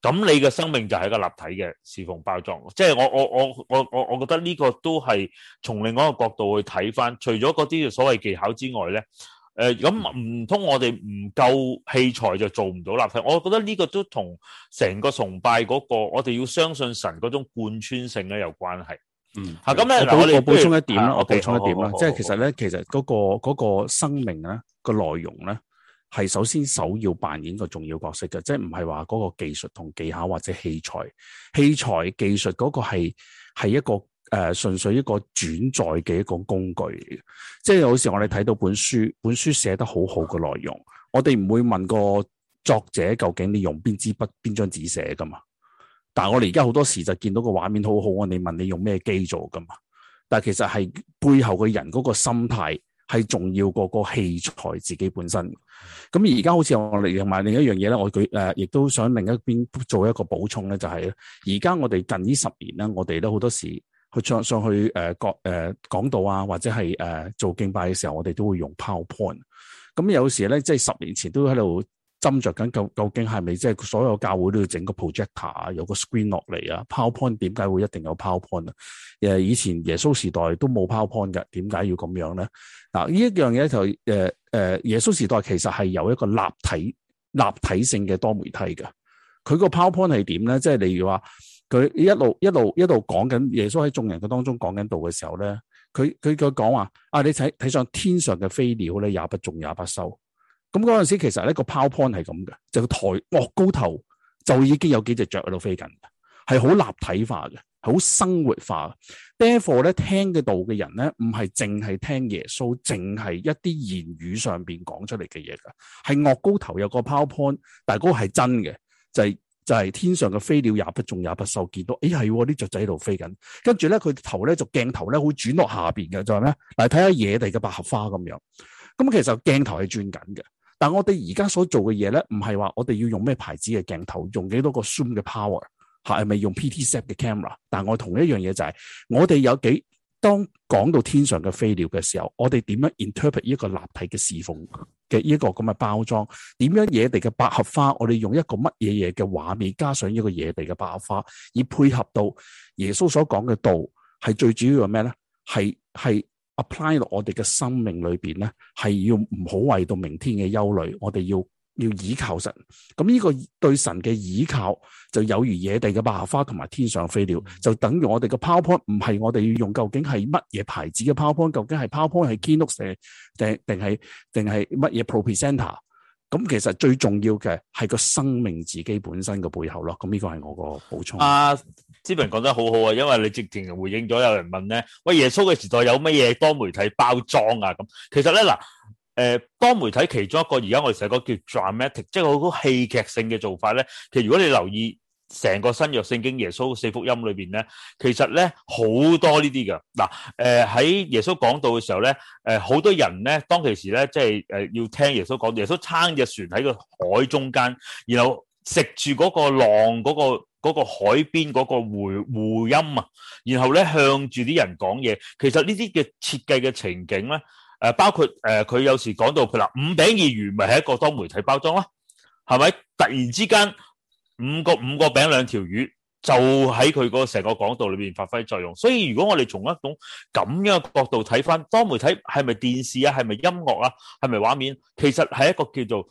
咁你嘅生命就係一個立體嘅侍奉包裝，即係我我我我我我覺得呢個都係從另外一個角度去睇翻，除咗嗰啲所謂技巧之外咧，誒咁唔通我哋唔夠器材就做唔到立體？我覺得呢個都同成個崇拜嗰個，我哋要相信神嗰種貫穿性咧有關係。嗯，嚇咁咧我哋補充一點啦，啊、okay，我補充一點啦，好好好即係其實咧，好好好其實嗰個嗰個生命咧個內容咧。係首先首要扮演個重要角色嘅，即係唔係話嗰個技術同技巧或者器材，器材技術嗰個係係一個誒、呃、純粹一個轉載嘅一個工具嚟嘅，即係有時我哋睇到本書，本書寫得好好嘅內容，我哋唔會問個作者究竟你用邊支筆、邊張紙寫噶嘛。但係我哋而家好多時就見到個畫面好好，我你問你用咩機做噶嘛？但係其實係背後嘅人嗰個心態係重要過個器材自己本身。咁而家好似我哋，同埋另一樣嘢咧，我舉誒，亦都想另一邊做一個補充咧，就係而家我哋近呢十年呢，我哋咧好多時去上上去誒國誒講道啊，或者係誒、呃、做敬拜嘅時候，我哋都會用 PowerPoint。咁有時咧，即係十年前都喺度斟酌緊，究究竟係咪即係所有教會都要整個 projector 啊，有個 screen 落嚟啊，PowerPoint 點解會一定有 PowerPoint 啊？誒、呃，以前耶穌時代都冇 PowerPoint 嘅，點解要咁樣咧？嗱，呢一樣嘢就誒。誒，耶穌時代其實係有一個立體、立體性嘅多媒體嘅。佢個 PowerPoint 係點咧？即係例如話，佢一路一路一路講緊耶穌喺眾人嘅當中講緊道嘅時候咧，佢佢佢講話啊，你睇睇上天上嘅飛鳥咧，也不種也不收。咁嗰陣時其實呢個 PowerPoint 係咁嘅，就是、台惡、哦、高頭就已經有幾隻雀喺度飛緊，係好立體化嘅。好生活化，Therefore 咧聽嘅道嘅人咧，唔係淨係聽耶穌，淨係一啲言語上邊講出嚟嘅嘢噶，係惡高頭有個 PowerPoint，但係嗰個係真嘅，就係就係天上嘅飛鳥也不種也不收見到，誒、欸、係，呢雀仔喺度飛緊，跟住咧佢頭咧就鏡頭咧會轉落下邊嘅，就係咩？嚟睇下野地嘅百合花咁樣，咁其實鏡頭係轉緊嘅，但係我哋而家所做嘅嘢咧，唔係話我哋要用咩牌子嘅鏡頭，用幾多個 zoom 嘅 power。係咪用 PTZ 嘅 camera？但係我同一樣嘢就係、是，我哋有幾當講到天上嘅飛鳥嘅時候，我哋點樣 interpret 一個立體嘅侍奉嘅呢一個咁嘅包裝？點樣野地嘅百合花？我哋用一個乜嘢嘢嘅畫面加上一個野地嘅百合花，以配合到耶穌所講嘅道，係最主要嘅咩咧？係係 apply 落我哋嘅生命裏邊咧，係要唔好為到明天嘅憂慮，我哋要。要倚靠神，咁呢個對神嘅倚靠就有如野地嘅百合花同埋天上飛鳥，就等於我哋嘅 PowerPoint 唔係我哋要用究竟係乜嘢牌子嘅 PowerPoint，究竟係 PowerPoint 係 Keynote 定定係定係乜嘢 ProPresenter？o p 咁、er、其實最重要嘅係個生命自己本身嘅背後咯。咁呢個係我個補充。啊，志明 e 講得好好啊，因為你直情回應咗有人問咧，喂，耶穌嘅時代有乜嘢多媒體包裝啊？咁其實咧嗱。誒，多媒體其中一個而家我哋成日講叫 dramatic，即係好戲劇性嘅做法咧。其實如果你留意成個新約聖經耶穌四福音裏邊咧，其實咧好多呢啲噶。嗱，誒喺耶穌講道嘅時候咧，誒好多人咧當其時咧即係誒要聽耶穌講。耶穌撐隻船喺個海中間，然後食住嗰個浪嗰個嗰個海邊嗰個回回音啊，然後咧向住啲人講嘢。其實呢啲嘅設計嘅情景咧。誒包括誒佢、呃、有時講到譬如，五餅二魚咪係一個多媒體包裝啊？係咪突然之間五個五個餅兩條魚就喺佢嗰個成個講道裏面發揮作用？所以如果我哋從一種咁樣嘅角度睇翻，多媒體係咪電視啊？係咪音樂啊？係咪畫面？其實係一個叫做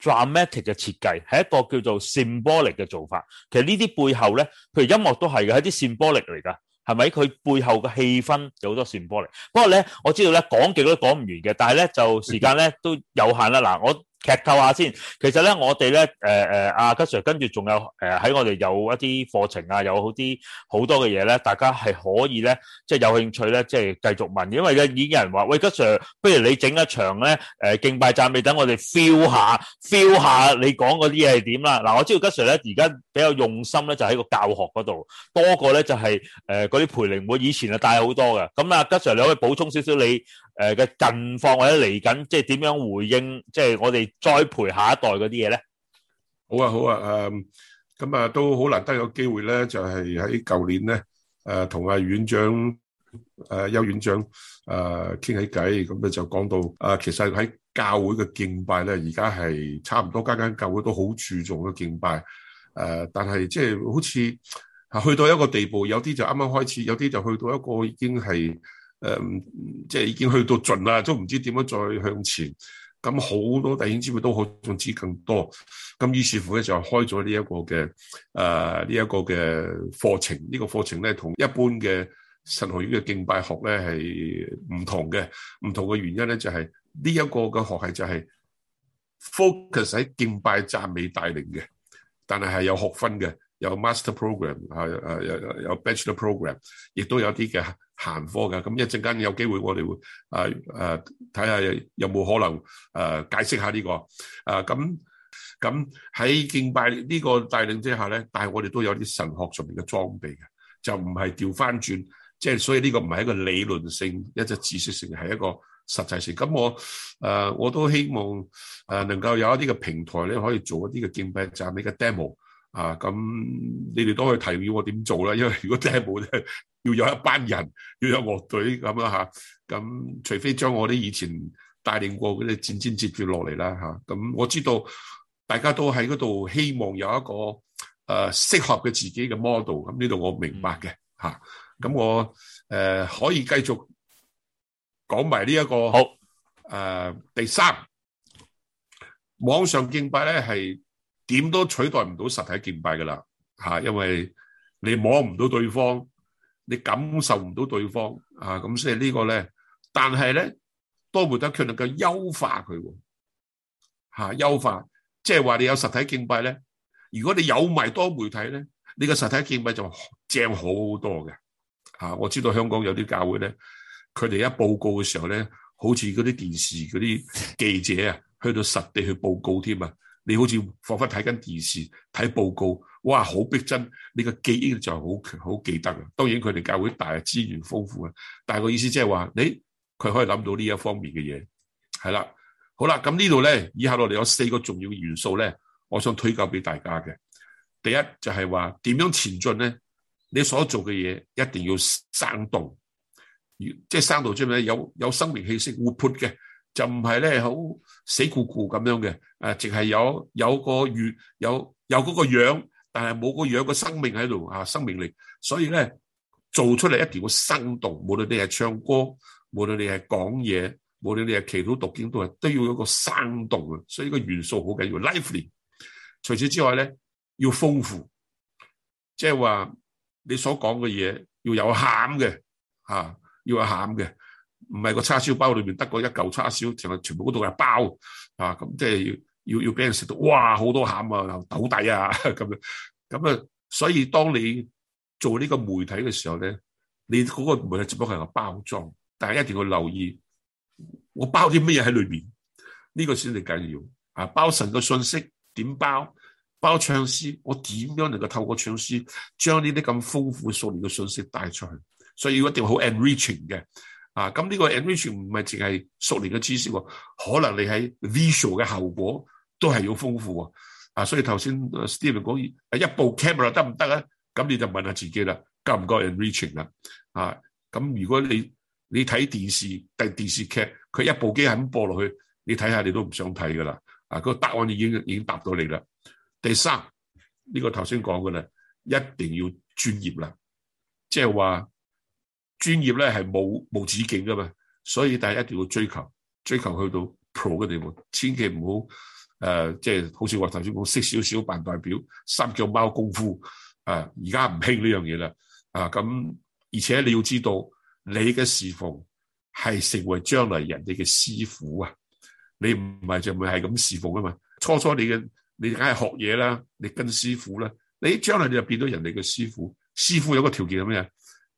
dramatic 嘅設計，係、呃、一個叫做 symbolic 嘅做法。其實呢啲背後咧，譬如音樂都係嘅，係啲 symbolic 嚟㗎。係咪？佢背後嘅氣氛有好多旋波嚟。不過呢，我知道呢講極都講唔完嘅。但係呢就時間呢都有限啦。嗱，我。劇透下先，其實咧，我哋咧，誒、呃、誒，阿吉 Sir 跟住仲有，誒、呃、喺我哋有一啲課程啊，有好啲好多嘅嘢咧，大家係可以咧，即係有興趣咧，即係繼續問，因為咧已經有人話，喂吉 Sir，不如你整一場咧，誒、呃，敬拜讚美，你等我哋 feel 下，feel 下你講嗰啲嘢係點啦。嗱，我知道吉 Sir 咧，而家比較用心咧，就喺個教學嗰度，多過咧就係誒嗰啲培靈會以前啊帶好多嘅。咁啊吉 Sir，你可以補充少少你。誒嘅近況或者嚟緊，即係點樣回應？即係我哋栽培下一代嗰啲嘢咧。好啊，好啊，誒，咁啊，都好難得有機會咧，就係喺舊年咧，誒，同阿院長，誒，邱院長，誒，傾起偈咁啊，就講到，誒，其實喺教會嘅敬拜咧，而家係差唔多間間教會都好注重嘅敬拜，誒，但係即係好似啊，去到一個地步，有啲就啱啱開始，有啲就去到一個已經係。誒、嗯，即係已經去到盡啦，都唔知點樣再向前。咁好多弟兄姊妹都好想知更多。咁於是乎咧就開咗呢一個嘅誒呢一個嘅課程。這個、課程呢個課程咧同一般嘅神學院嘅敬拜學咧係唔同嘅。唔同嘅原因咧就係、是、呢一個嘅學系就係 focus 喺敬拜讚美帶領嘅，但係係有學分嘅。有 master program，嚇誒有有有 bachelor program，亦都有啲嘅行科嘅。咁一陣間有機會，我們會，我哋會啊啊睇下有冇可能誒解釋一下呢、呢個啊咁咁喺敬拜呢個帶領之下咧，但係我哋都有啲神學上面嘅裝備嘅，就唔係調翻轉，即、就、係、是、所以呢個唔係一個理論性、一隻知識性，係一個實際性。咁我誒、啊、我都希望誒能夠有一啲嘅平台咧，你可以做一啲嘅敬拜站，你嘅 demo。啊，咁你哋都可以提議我點做啦。因為如果聽冇咧，要有一班人，要有樂隊咁啦吓。咁、啊、除非將我啲以前帶領過嗰啲漸漸接住落嚟啦吓。咁、啊、我知道大家都喺嗰度，希望有一個誒適、呃、合嘅自己嘅 model。咁呢度我明白嘅吓。咁、啊、我誒、呃、可以繼續講埋呢一個好誒、呃、第三網上敬拜咧係。是點都取代唔到實體敬拜噶啦，吓，因為你摸唔到對方，你感受唔到對方，啊，咁所以呢個咧，但係咧，多媒體卻能夠優化佢，吓，優化，即係話你有實體敬拜咧，如果你有埋多媒體咧，你個實體敬拜就正好多嘅，吓，我知道香港有啲教會咧，佢哋一報告嘅時候咧，好似嗰啲電視嗰啲記者啊，去到實地去報告添啊。你好似彷彿睇緊電視睇報告，哇！好逼真，你個記憶就係好好記得啊。當然佢哋教會大，資源豐富啊。但係個意思即係話，你佢可以諗到呢一方面嘅嘢，係啦。好啦，咁呢度咧，以下落嚟有四個重要元素咧，我想推介俾大家嘅。第一就係話點樣前進咧，你所做嘅嘢一定要生動，即係生動即係咩，有有生命氣息、活潑嘅。就唔係咧，好死固固咁樣嘅，誒，淨係有有個樣，有有嗰個樣，但係冇個樣嘅生命喺度嚇，生命力。所以咧，做出嚟一定要生動。無論你係唱歌，無論你係講嘢，無論你係祈禱讀經都係，都要有個生動啊！所以個元素好緊要，lively。除此之外咧，要豐富，即係話你所講嘅嘢要有餡嘅嚇，要有餡嘅。唔係個叉燒包裏邊得個一嚿叉燒，成日全部嗰度係包啊！咁即係要要要俾人食到，哇！好多餡啊，豆底啊咁樣，咁啊！所以當你做呢個媒體嘅時候咧，你嗰個媒體只不過係個包裝，但係一定要留意我包啲乜嘢喺裏面，呢個先至緊要啊！包神嘅信息點包，包唱詩，我點樣能夠透過唱詩將呢啲咁豐富嘅數年嘅信息帶出去？所以一定要好 enriching 嘅。這個、啊，咁呢個 enrich 唔係淨係熟練嘅知識喎，可能你喺 visual 嘅效果都係要豐富喎。啊，所以頭先 Stephen 講，一部 camera 得唔得咧？咁你就問下自己啦，夠唔夠 enriching 啦？啊，咁如果你你睇電視定電視劇，佢一部機肯播落去，你睇下你都唔想睇噶啦。啊、那，個答案已經已經答到你啦。第三，呢、這個頭先講嘅啦，一定要專業啦，即係話。專業咧係冇冇止境噶嘛，所以大家一定要追求，追求去到 pro 嘅地步，千祈唔、呃就是、好誒，即係好似我頭先講，識少少扮代表，三腳貓功夫啊，而家唔興呢樣嘢啦啊，咁而且你要知道，你嘅侍奉係成為將來人哋嘅師傅啊，你唔係就咪係咁侍奉啊嘛，初初你嘅你梗係學嘢啦，你跟師傅啦，你將來你就變咗人哋嘅師傅，師傅有個條件係咩啊？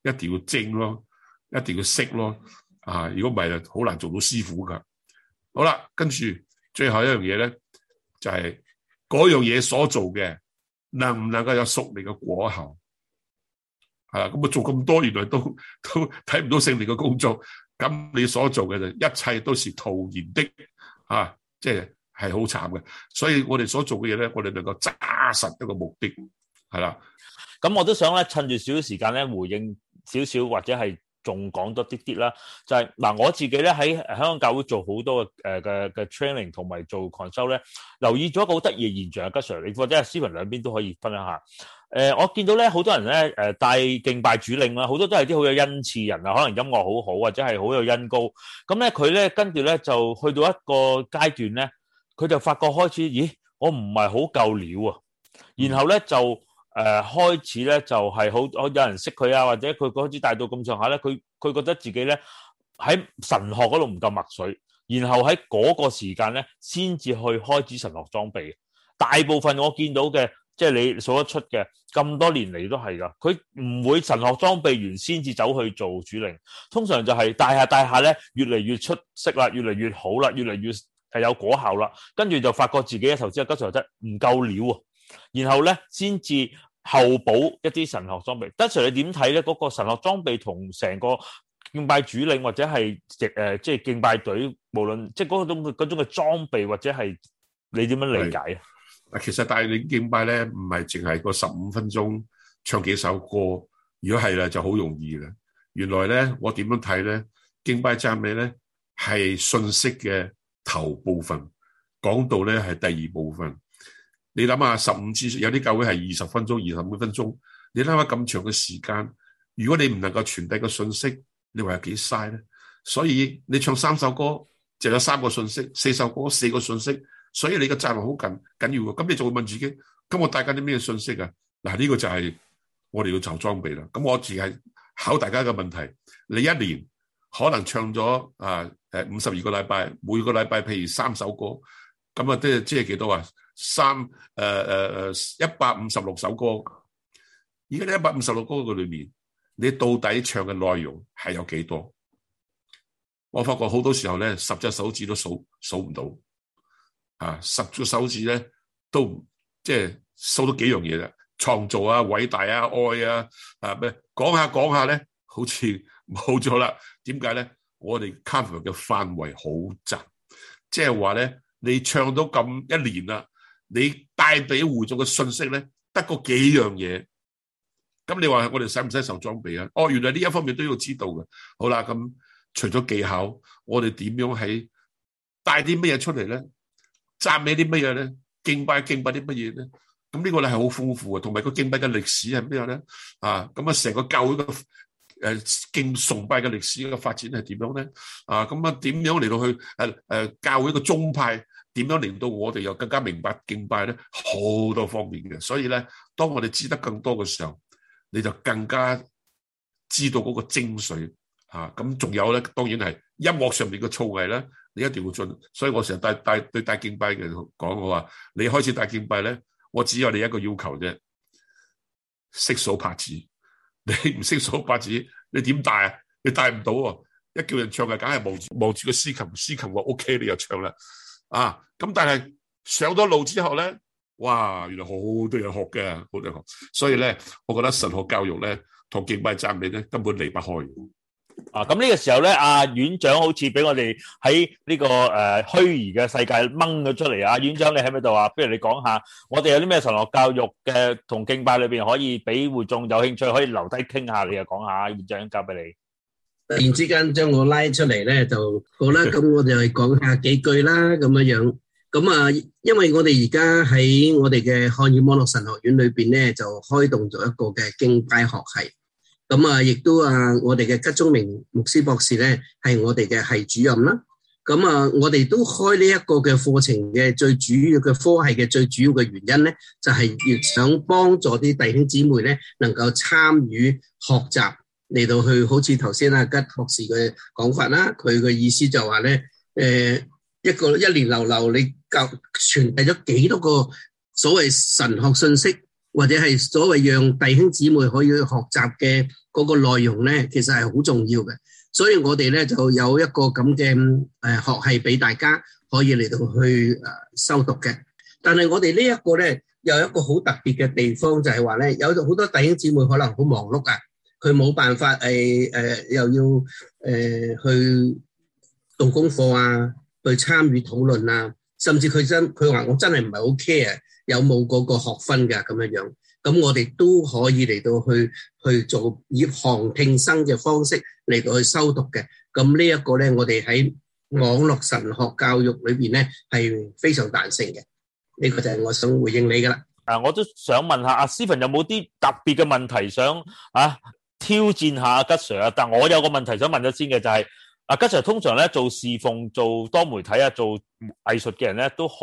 一定要精咯，一定要識咯，啊！如果唔係，就好難做到師傅噶。好啦，跟住最後一樣嘢咧，就係嗰樣嘢所做嘅，能唔能夠有屬靈嘅果效？啊！咁啊，做咁多年，原來都都睇唔到聖靈嘅工作。咁你所做嘅就一切都是徒然的，啊！即係係好慘嘅。所以我哋所做嘅嘢咧，我哋能夠揸實一個目的，係啦。咁我都想咧，趁住少少時間咧，回應。少少或者係仲講多啲啲啦，就係嗱，我自己咧喺香港教會做好多嘅誒嘅嘅 training 同埋做 control 咧，留意咗一個好得意嘅現象啊，吉 Sir 你或者阿 Stephen 兩邊都可以分享下。誒，我見到咧好多人咧誒帶敬拜主領啦，好多都係啲好有恩賜人啊，可能音樂好好或者係好有恩膏。咁咧佢咧跟住咧就去到一個階段咧，佢就發覺開始，咦，我唔係好夠料啊，然後咧就。誒、呃，開始咧就係、是、好，有人識佢啊，或者佢開始大到咁上下咧，佢佢覺得自己咧喺神學嗰度唔夠墨水，然後喺嗰個時間咧先至去開始神學裝備。大部分我見到嘅，即、就、係、是、你數得出嘅，咁多年嚟都係㗎。佢唔會神學裝備完先至走去做主領，通常就係大下大下咧，越嚟越出色啦，越嚟越好啦，越嚟越係有果效啦，跟住就發覺自己嘅頭先嘅金財質唔夠料啊！然後咧，先至後補一啲神學裝備。德 Sir，你點睇咧？嗰個神學裝備同成個敬拜主領或者係誒，即係敬拜隊，無論即係嗰種嗰種嘅裝備或者係你點樣理解啊？啊，其實帶領敬拜咧，唔係淨係個十五分鐘唱幾首歌。如果係啦，就好容易啦。原來咧，我點樣睇咧？敬拜讚美咧，係信息嘅頭部分，講道咧係第二部分。你諗下，十五次有啲教會係二十分鐘、二十五分鐘。你諗下咁長嘅時間，如果你唔能夠傳遞個信息，你話有幾嘥咧？所以你唱三首歌就有三個信息，四首歌四個信息。所以你個責任好緊緊要。咁你仲會問自己，咁我帶緊啲咩信息啊？嗱，呢個就係我哋要就裝備啦。咁我只係考大家嘅問題。你一年可能唱咗啊誒五十二個禮拜，每個禮拜譬如三首歌，咁啊即係即係幾多啊？三誒誒誒一百五十六首歌，而家呢一百五十六歌嘅裏面，你到底唱嘅內容係有幾多？我發覺好多時候咧，十隻手指都數數唔到，啊，十隻手指咧都唔，即係數到幾樣嘢啦，創造啊、偉大啊、愛啊啊咩講下講下咧，好似冇咗啦。點解咧？我哋 cover 嘅範圍好窄，即係話咧，你唱到咁一年啦。你帶俾會眾嘅信息咧，得嗰幾樣嘢。咁你話我哋使唔使受裝備啊？哦，原來呢一方面都要知道嘅。好啦，咁除咗技巧，我哋點樣喺帶啲乜嘢出嚟咧？讚美啲乜嘢咧？敬拜敬拜啲乜嘢咧？咁呢個咧係好豐富嘅，同埋個敬拜嘅歷史係咩咧？啊，咁啊，成個教會嘅誒敬崇拜嘅歷史嘅發展係點樣咧？啊，咁啊，點樣嚟到去誒誒教會個宗派？點樣令到我哋又更加明白敬拜咧？好多方面嘅，所以咧，當我哋知得更多嘅時候，你就更加知道嗰個精髓啊！咁仲有咧，當然係音樂上面嘅造詣咧，你一定要進。所以我成日帶帶對帶敬拜嘅講我話，你開始帶敬拜咧，我只有你一個要求啫，識數拍子。你唔識數拍子，你點帶啊？你帶唔到喎！一叫人唱嘅，梗係望望住個司琴，司琴話 OK，你又唱啦。啊，咁但係上咗路之後咧，哇，原來好多嘢學嘅，好多學，所以咧，我覺得神學教育咧，同敬拜讚美咧，根本離不開啊，咁呢個時候咧，阿、啊、院長好似俾我哋喺呢個誒虛擬嘅世界掹咗出嚟。阿、啊、院長，你喺咪度啊？不如你講下，我哋有啲咩神學教育嘅同敬拜裏邊可以俾會眾有興趣，可以留低傾下。你又講下，院長交俾你。突然之間將我拉出嚟咧，就好啦。咁我就係講下幾句啦，咁樣樣。咁啊，因為我哋而家喺我哋嘅漢語網絡神學院裏面咧，就開動咗一個嘅敬拜學系。咁啊，亦都啊，我哋嘅吉中鳴牧師博士咧，係我哋嘅係主任啦。咁啊，我哋都開呢一個嘅課程嘅最主要嘅科系嘅最主要嘅原因咧，就係要想幫助啲弟兄姊妹咧，能夠參與學習。嚟到去好似頭先阿吉博士嘅講法啦，佢嘅意思就話咧，誒，一個一年流流，你教傳遞咗幾多個所謂神學信息，或者係所謂讓弟兄姊妹可以學習嘅嗰個內容咧，其實係好重要嘅。所以我哋咧就有一個咁嘅誒學系俾大家可以嚟到去誒修讀嘅。但係我哋呢一個咧有一個好特別嘅地方就係話咧，有好多弟兄姊妹可能好忙碌啊。佢冇辦法誒誒、哎呃，又要誒、呃、去做功課啊，去參與討論啊，甚至佢真佢話我真係唔係好 care 有冇嗰個學分噶咁樣樣，咁我哋都可以嚟到去去做以旁聽生嘅方式嚟到去修讀嘅，咁呢一個咧，我哋喺網絡神學教育裏邊咧係非常彈性嘅，呢、呢個就係我想回應你噶啦。啊，我都想問一下阿、啊、Stephen 有冇啲特別嘅問題想啊？挑戰下吉 sir 啊！但我有個問題想問咗先嘅，就係、是、阿吉 sir 通常咧做侍奉、做多媒體啊、做藝術嘅人咧，都好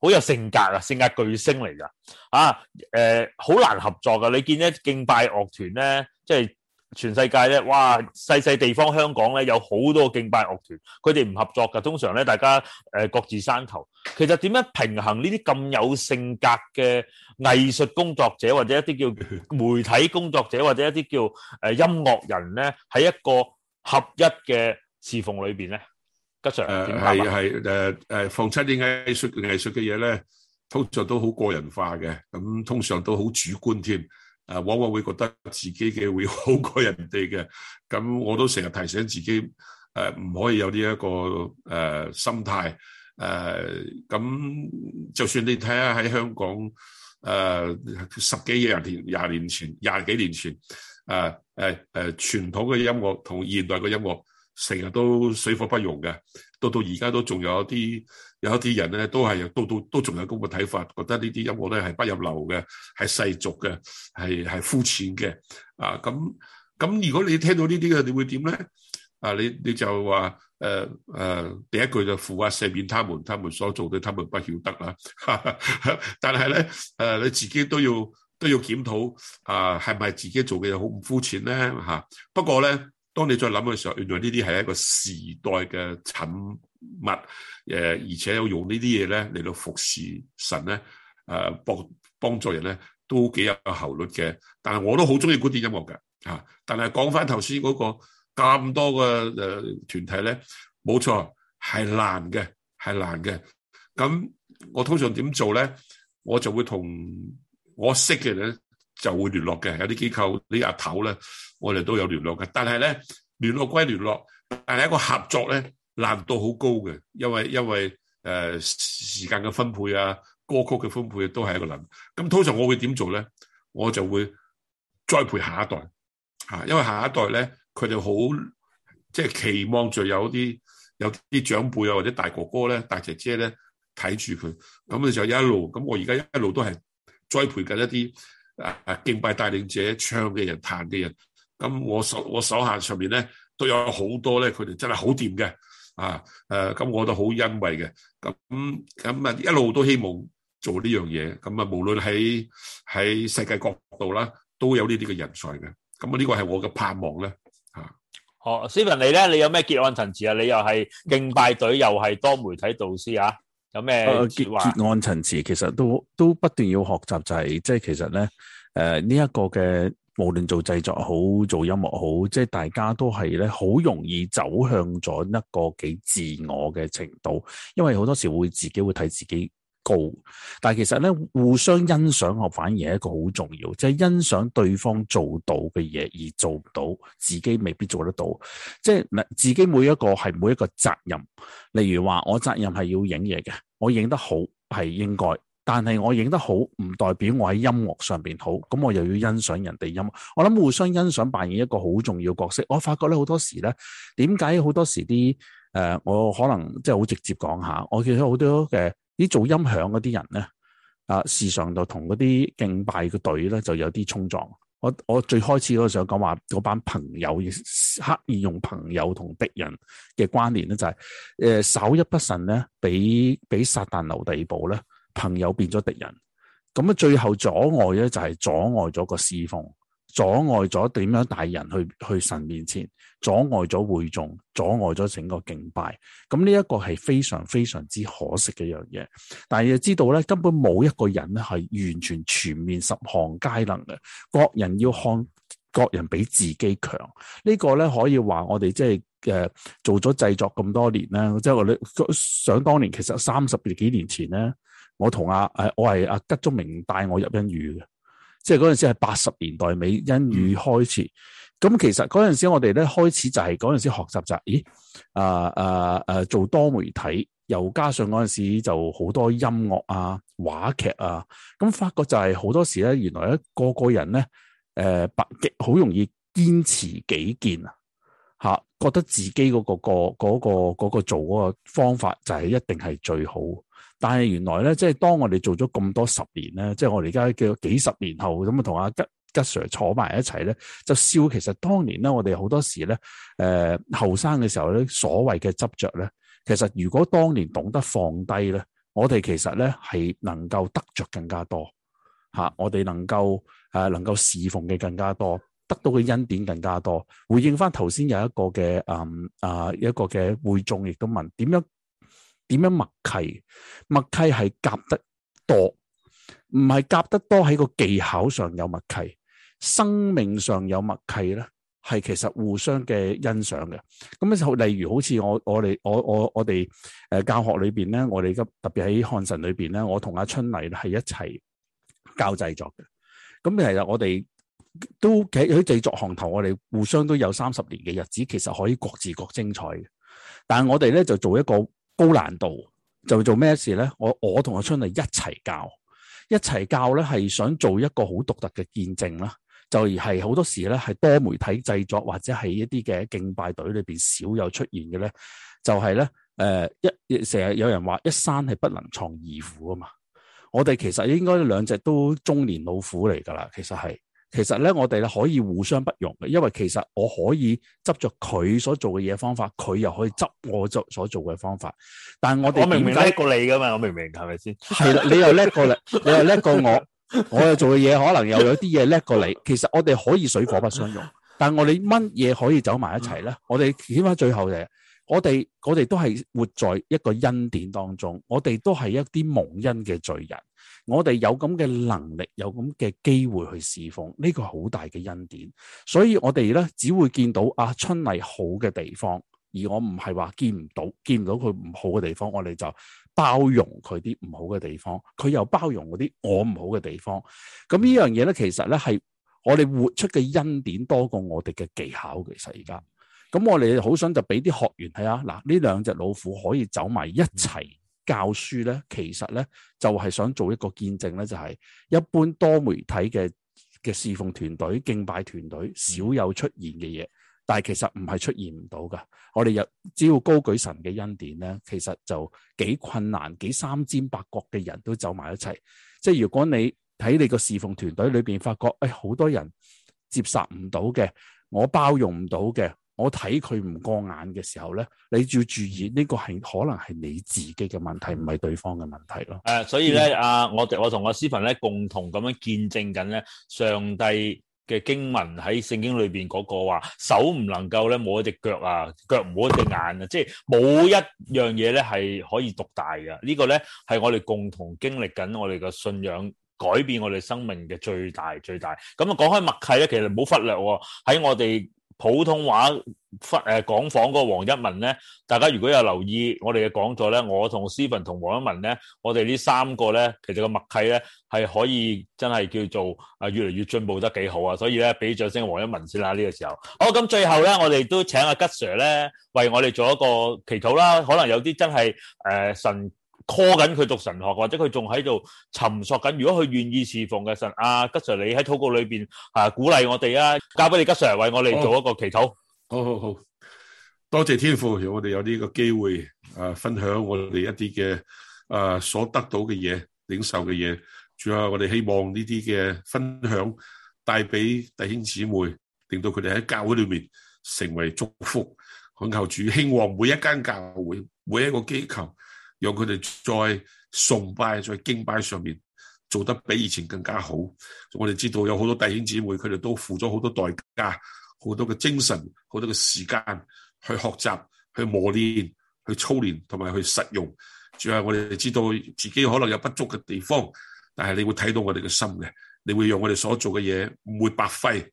好有性格啊，性格巨星嚟噶啊！好、呃、難合作噶，你見呢敬拜樂團咧，即係。全世界咧，哇！細細地方香港咧，有好多敬拜樂團，佢哋唔合作噶。通常咧，大家誒各自山頭。其實點樣平衡呢啲咁有性格嘅藝術工作者，或者一啲叫媒體工作者，或者一啲叫誒音樂人咧，喺一個合一嘅侍奉裏邊咧？吉 Sir 誒係係誒誒，放出啲藝術藝術嘅嘢咧，通常都好個人化嘅，咁通常都好主觀添。誒往往會覺得自己嘅會好過人哋嘅，咁我都成日提醒自己誒，唔可以有呢一個誒心態。誒咁，就算你睇下喺香港誒十幾廿年廿年前廿幾年前，誒誒誒傳統嘅音樂同現代嘅音樂成日都水火不容嘅。到到而家都仲有啲有一啲人咧，都係到到都仲有咁嘅睇法，覺得呢啲音樂咧係不入流嘅，係世俗嘅，係係膚淺嘅。啊，咁咁如果你聽到呢啲嘅，你會點咧？啊，你你就話誒誒，第一句就父啊、啊、赦免他們，他們所做嘅他們不曉得啦。 但係咧，誒、啊、你自己都要都要檢討啊，係咪自己做嘅嘢好唔膚淺咧？嚇、啊！不過咧。當你再諗嘅時候，原來呢啲係一個時代嘅產物，誒、呃，而且要用呢啲嘢咧嚟到服侍神咧，誒、呃，幫幫助人咧都幾有效率嘅。但係我都好中意古典音樂嘅，吓、啊。但係講翻頭先嗰個咁多嘅誒、呃、團體咧，冇錯係難嘅，係難嘅。咁、嗯、我通常點做咧？我就會同我識嘅人咧。就會聯絡嘅，有啲機構啲阿頭咧，我哋都有聯絡嘅。但係咧，聯絡歸聯絡，但係一個合作咧難度好高嘅，因為因為誒、呃、時間嘅分配啊，歌曲嘅分配都係一個難。咁通常我會點做咧？我就會栽培下一代，啊、因為下一代咧佢哋好即係期望著有啲有啲長輩啊或者大哥哥咧、大姐姐咧睇住佢，咁就一路咁。我而家一路都係栽培緊一啲。啊！敬拜帶領者、唱嘅人、彈嘅人，咁我手我手下上面咧都有好多咧，佢哋真係好掂嘅，啊！誒、啊，咁我都好欣慰嘅，咁咁啊一路都希望做呢樣嘢，咁啊無論喺喺世界角度啦，都有呢啲嘅人才嘅，咁啊呢個係我嘅盼望咧，吓、啊。哦，Stephen 你咧，你有咩結案層次啊？你又係敬拜隊，又係多媒體導師啊？有咩結結案陳詞，其實都都不斷要學習，就係、是、即係其實咧，誒呢一個嘅無論做製作好，做音樂好，即係大家都係咧好容易走向咗一個幾自我嘅程度，因為好多時會自己會睇自己。但係其實咧，互相欣賞我反而係一個好重要，即係欣賞對方做到嘅嘢，而做唔到自己未必做得到。即係自己每一個係每一個責任，例如話我責任係要影嘢嘅，我影得好係應該，但係我影得好唔代表我喺音樂上邊好，咁我又要欣賞人哋音樂。我諗互相欣賞扮演一個好重要角色。我發覺咧好多時咧，點解好多時啲誒、呃，我可能即係好直接講下，我其實好多嘅。啲做音響嗰啲人咧，啊，時常就同嗰啲敬拜嘅隊咧就有啲衝撞。我我最開始嗰時候講話，嗰班朋友刻意用朋友同敵人嘅關聯咧、就是，就係誒稍一不慎咧，俾俾撒旦留地步咧，朋友變咗敵人，咁啊最後阻礙咧就係阻礙咗個侍奉，阻礙咗點樣帶人去去神面前。阻礙咗會眾，阻礙咗整個敬拜，咁呢一個係非常非常之可惜嘅一樣嘢。但係要知道咧，根本冇一個人咧係完全全面十項皆能嘅。各人要看各人比自己強。呢、這個咧可以話我哋即係誒做咗製作咁多年啦。即係我哋想當年其實三十幾年前咧，我同阿、啊、我係阿、啊、吉中鳴帶我入恩雨嘅，即係嗰陣時係八十年代尾恩雨開始。咁其實嗰陣時我哋咧開始就係嗰陣時學習就係、是、咦，啊，啊做多媒體，又加上嗰陣時就好多音樂啊、話劇啊，咁發覺就係好多時咧，原來咧個個人咧誒，極、呃、好容易堅持己見啊，吓，覺得自己、嗰個、嗰個嗰、嗰個嗰、嗰個做嗰個方法就係一定係最好，但係原來咧，即係當我哋做咗咁多十年咧，即、就、係、是、我哋而家叫幾十年後咁啊，同阿吉。吉 Sir 坐埋一齊咧，就笑。其實當年咧，我哋好多時咧，誒後生嘅時候咧，所謂嘅執着咧，其實如果當年懂得放低咧，我哋其實咧係能夠得着更加多吓，啊，我哋能夠誒、啊、能夠侍奉嘅更加多，得到嘅恩典更加多。回應翻頭先有一個嘅誒、嗯、啊一個嘅會眾也問，亦都問點樣點樣默契？默契係夾得多，唔係夾得多喺個技巧上有默契。生命上有默契咧，係其實互相嘅欣賞嘅。咁就例如好似我我哋我我我哋誒教學裏邊咧，我哋而家特別喺漢神裏邊咧，我同阿春麗係一齊教製作嘅。咁其實我哋都喺喺製作行頭，我哋互相都有三十年嘅日子，其實可以各自各精彩嘅。但係我哋咧就做一個高難度就做咩事咧？我我同阿春麗一齊教一齊教咧，係想做一個好獨特嘅見證啦。就係好多時咧，係多媒體製作或者係一啲嘅敬拜隊裏面少有出現嘅咧，就係咧誒，一成日有人話一山係不能藏二虎啊嘛！我哋其實應該兩隻都中年老虎嚟噶啦，其實係其實咧，我哋咧可以互相不容嘅，因為其實我可以執着佢所做嘅嘢方法，佢又可以執我所做嘅方法。但係我哋我明明叻過你噶嘛，我明明係咪先？係啦，你又叻過你又叻過我。 我又做嘅嘢可能又有啲嘢叻過你，其實我哋可以水火不相容，但係我哋乜嘢可以走埋一齊呢？我哋起碼最後就係，我哋我哋都係活在一個恩典當中，我哋都係一啲蒙恩嘅罪人，我哋有咁嘅能力，有咁嘅機會去侍奉，呢個係好大嘅恩典，所以我哋呢，只會見到阿春麗好嘅地方，而我唔係話見唔到，見唔到佢唔好嘅地方，我哋就。包容佢啲唔好嘅地方，佢又包容嗰啲我唔好嘅地方。咁呢樣嘢咧，其實咧係我哋活出嘅恩典多過我哋嘅技巧。其實而家，咁我哋好想就俾啲學員看看，睇下，嗱呢兩隻老虎可以走埋一齊教書咧。嗯、其實咧就係想做一個見證咧，就係、是、一般多媒體嘅嘅侍奉團隊敬拜團隊少有出現嘅嘢。但係其實唔係出現唔到噶，我哋又只要高舉神嘅恩典咧，其實就幾困難，幾三尖八角嘅人都走埋一齊。即係如果你喺你個侍奉團隊裏邊發覺，誒、哎、好多人接受唔到嘅，我包容唔到嘅，我睇佢唔過眼嘅時候咧，你要注意呢、這個係可能係你自己嘅問題，唔係對方嘅問題咯。誒、啊，所以咧，阿后我和、嗯、我同阿思凡咧，共同咁樣見證緊咧，上帝。嘅經文喺聖經裏邊嗰個話，手唔能夠咧冇一隻腳啊，腳冇一隻眼啊，即係冇一樣嘢咧係可以獨大嘅。這個、呢個咧係我哋共同經歷緊，我哋嘅信仰改變我哋生命嘅最大最大。咁啊，講開默契咧，其實唔好忽略喎、啊，喺我哋。普通話忽誒、啊、講房嗰個黃一文咧，大家如果有留意我哋嘅講座咧，我同 Stephen 同黃一文咧，我哋呢三個咧，其實個默契咧係可以真係叫做啊越嚟越進步得幾好啊！所以咧，俾掌聲黃一文先啦呢、這個時候。好咁，那最後咧，我哋都請阿吉 Sir 咧為我哋做一個祈禱啦。可能有啲真係、呃、神。拖緊佢讀神學，或者佢仲喺度尋索緊。如果佢願意侍奉嘅神，阿吉 Sir，你喺禱告裏邊啊鼓勵我哋啊，交俾你吉 Sir 為我哋做一個祈禱。好好好，多謝天父，如果我哋有呢個機會啊，分享我哋一啲嘅啊所得到嘅嘢、領受嘅嘢，主要我哋希望呢啲嘅分享帶俾弟兄姊妹，令到佢哋喺教會裏面成為祝福。懇求主興旺每一間教會、每一個機構。讓佢哋再崇拜、再敬拜上面做得比以前更加好。所以我哋知道有好多弟兄姊妹，佢哋都付咗好多代價、好多嘅精神、好多嘅時間去學習、去磨練、去操練同埋去實用。主要係我哋知道自己可能有不足嘅地方，但係你會睇到我哋嘅心嘅，你會讓我哋所做嘅嘢唔會白費。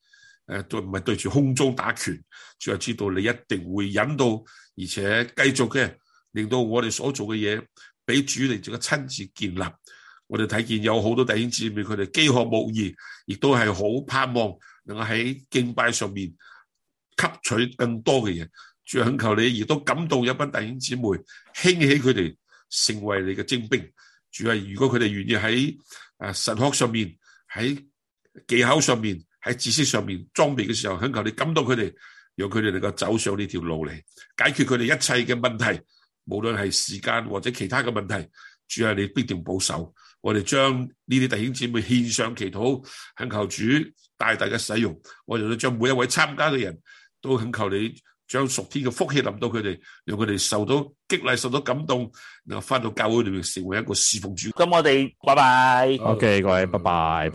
誒，都唔係對住空中打拳，主要係知道你一定會忍到，而且繼續嘅。令到我哋所做嘅嘢，俾主嚟做嘅親自建立。我哋睇見有好多弟兄姊妹，佢哋飢渴慕義，亦都係好盼望能夠喺敬拜上面吸取更多嘅嘢。主懇求你，亦都感動一班弟兄姊妹，興起佢哋成為你嘅精兵。主啊，如果佢哋願意喺誒神學上面、喺技巧上面、喺知識上面裝備嘅時候，懇求你感動佢哋，讓佢哋能夠走上呢條路嚟解決佢哋一切嘅問題。無論係時間或者其他嘅問題，主要係你必定保守。我哋將呢啲弟兄姊妹獻上祈禱，懇求主大大嘅使用。我哋都將每一位參加嘅人都懇求你將屬天嘅福氣臨到佢哋，讓佢哋受到激勵、受到感動，然後返到教會裏面成為一個侍奉主。咁我哋拜拜。OK，各位拜拜。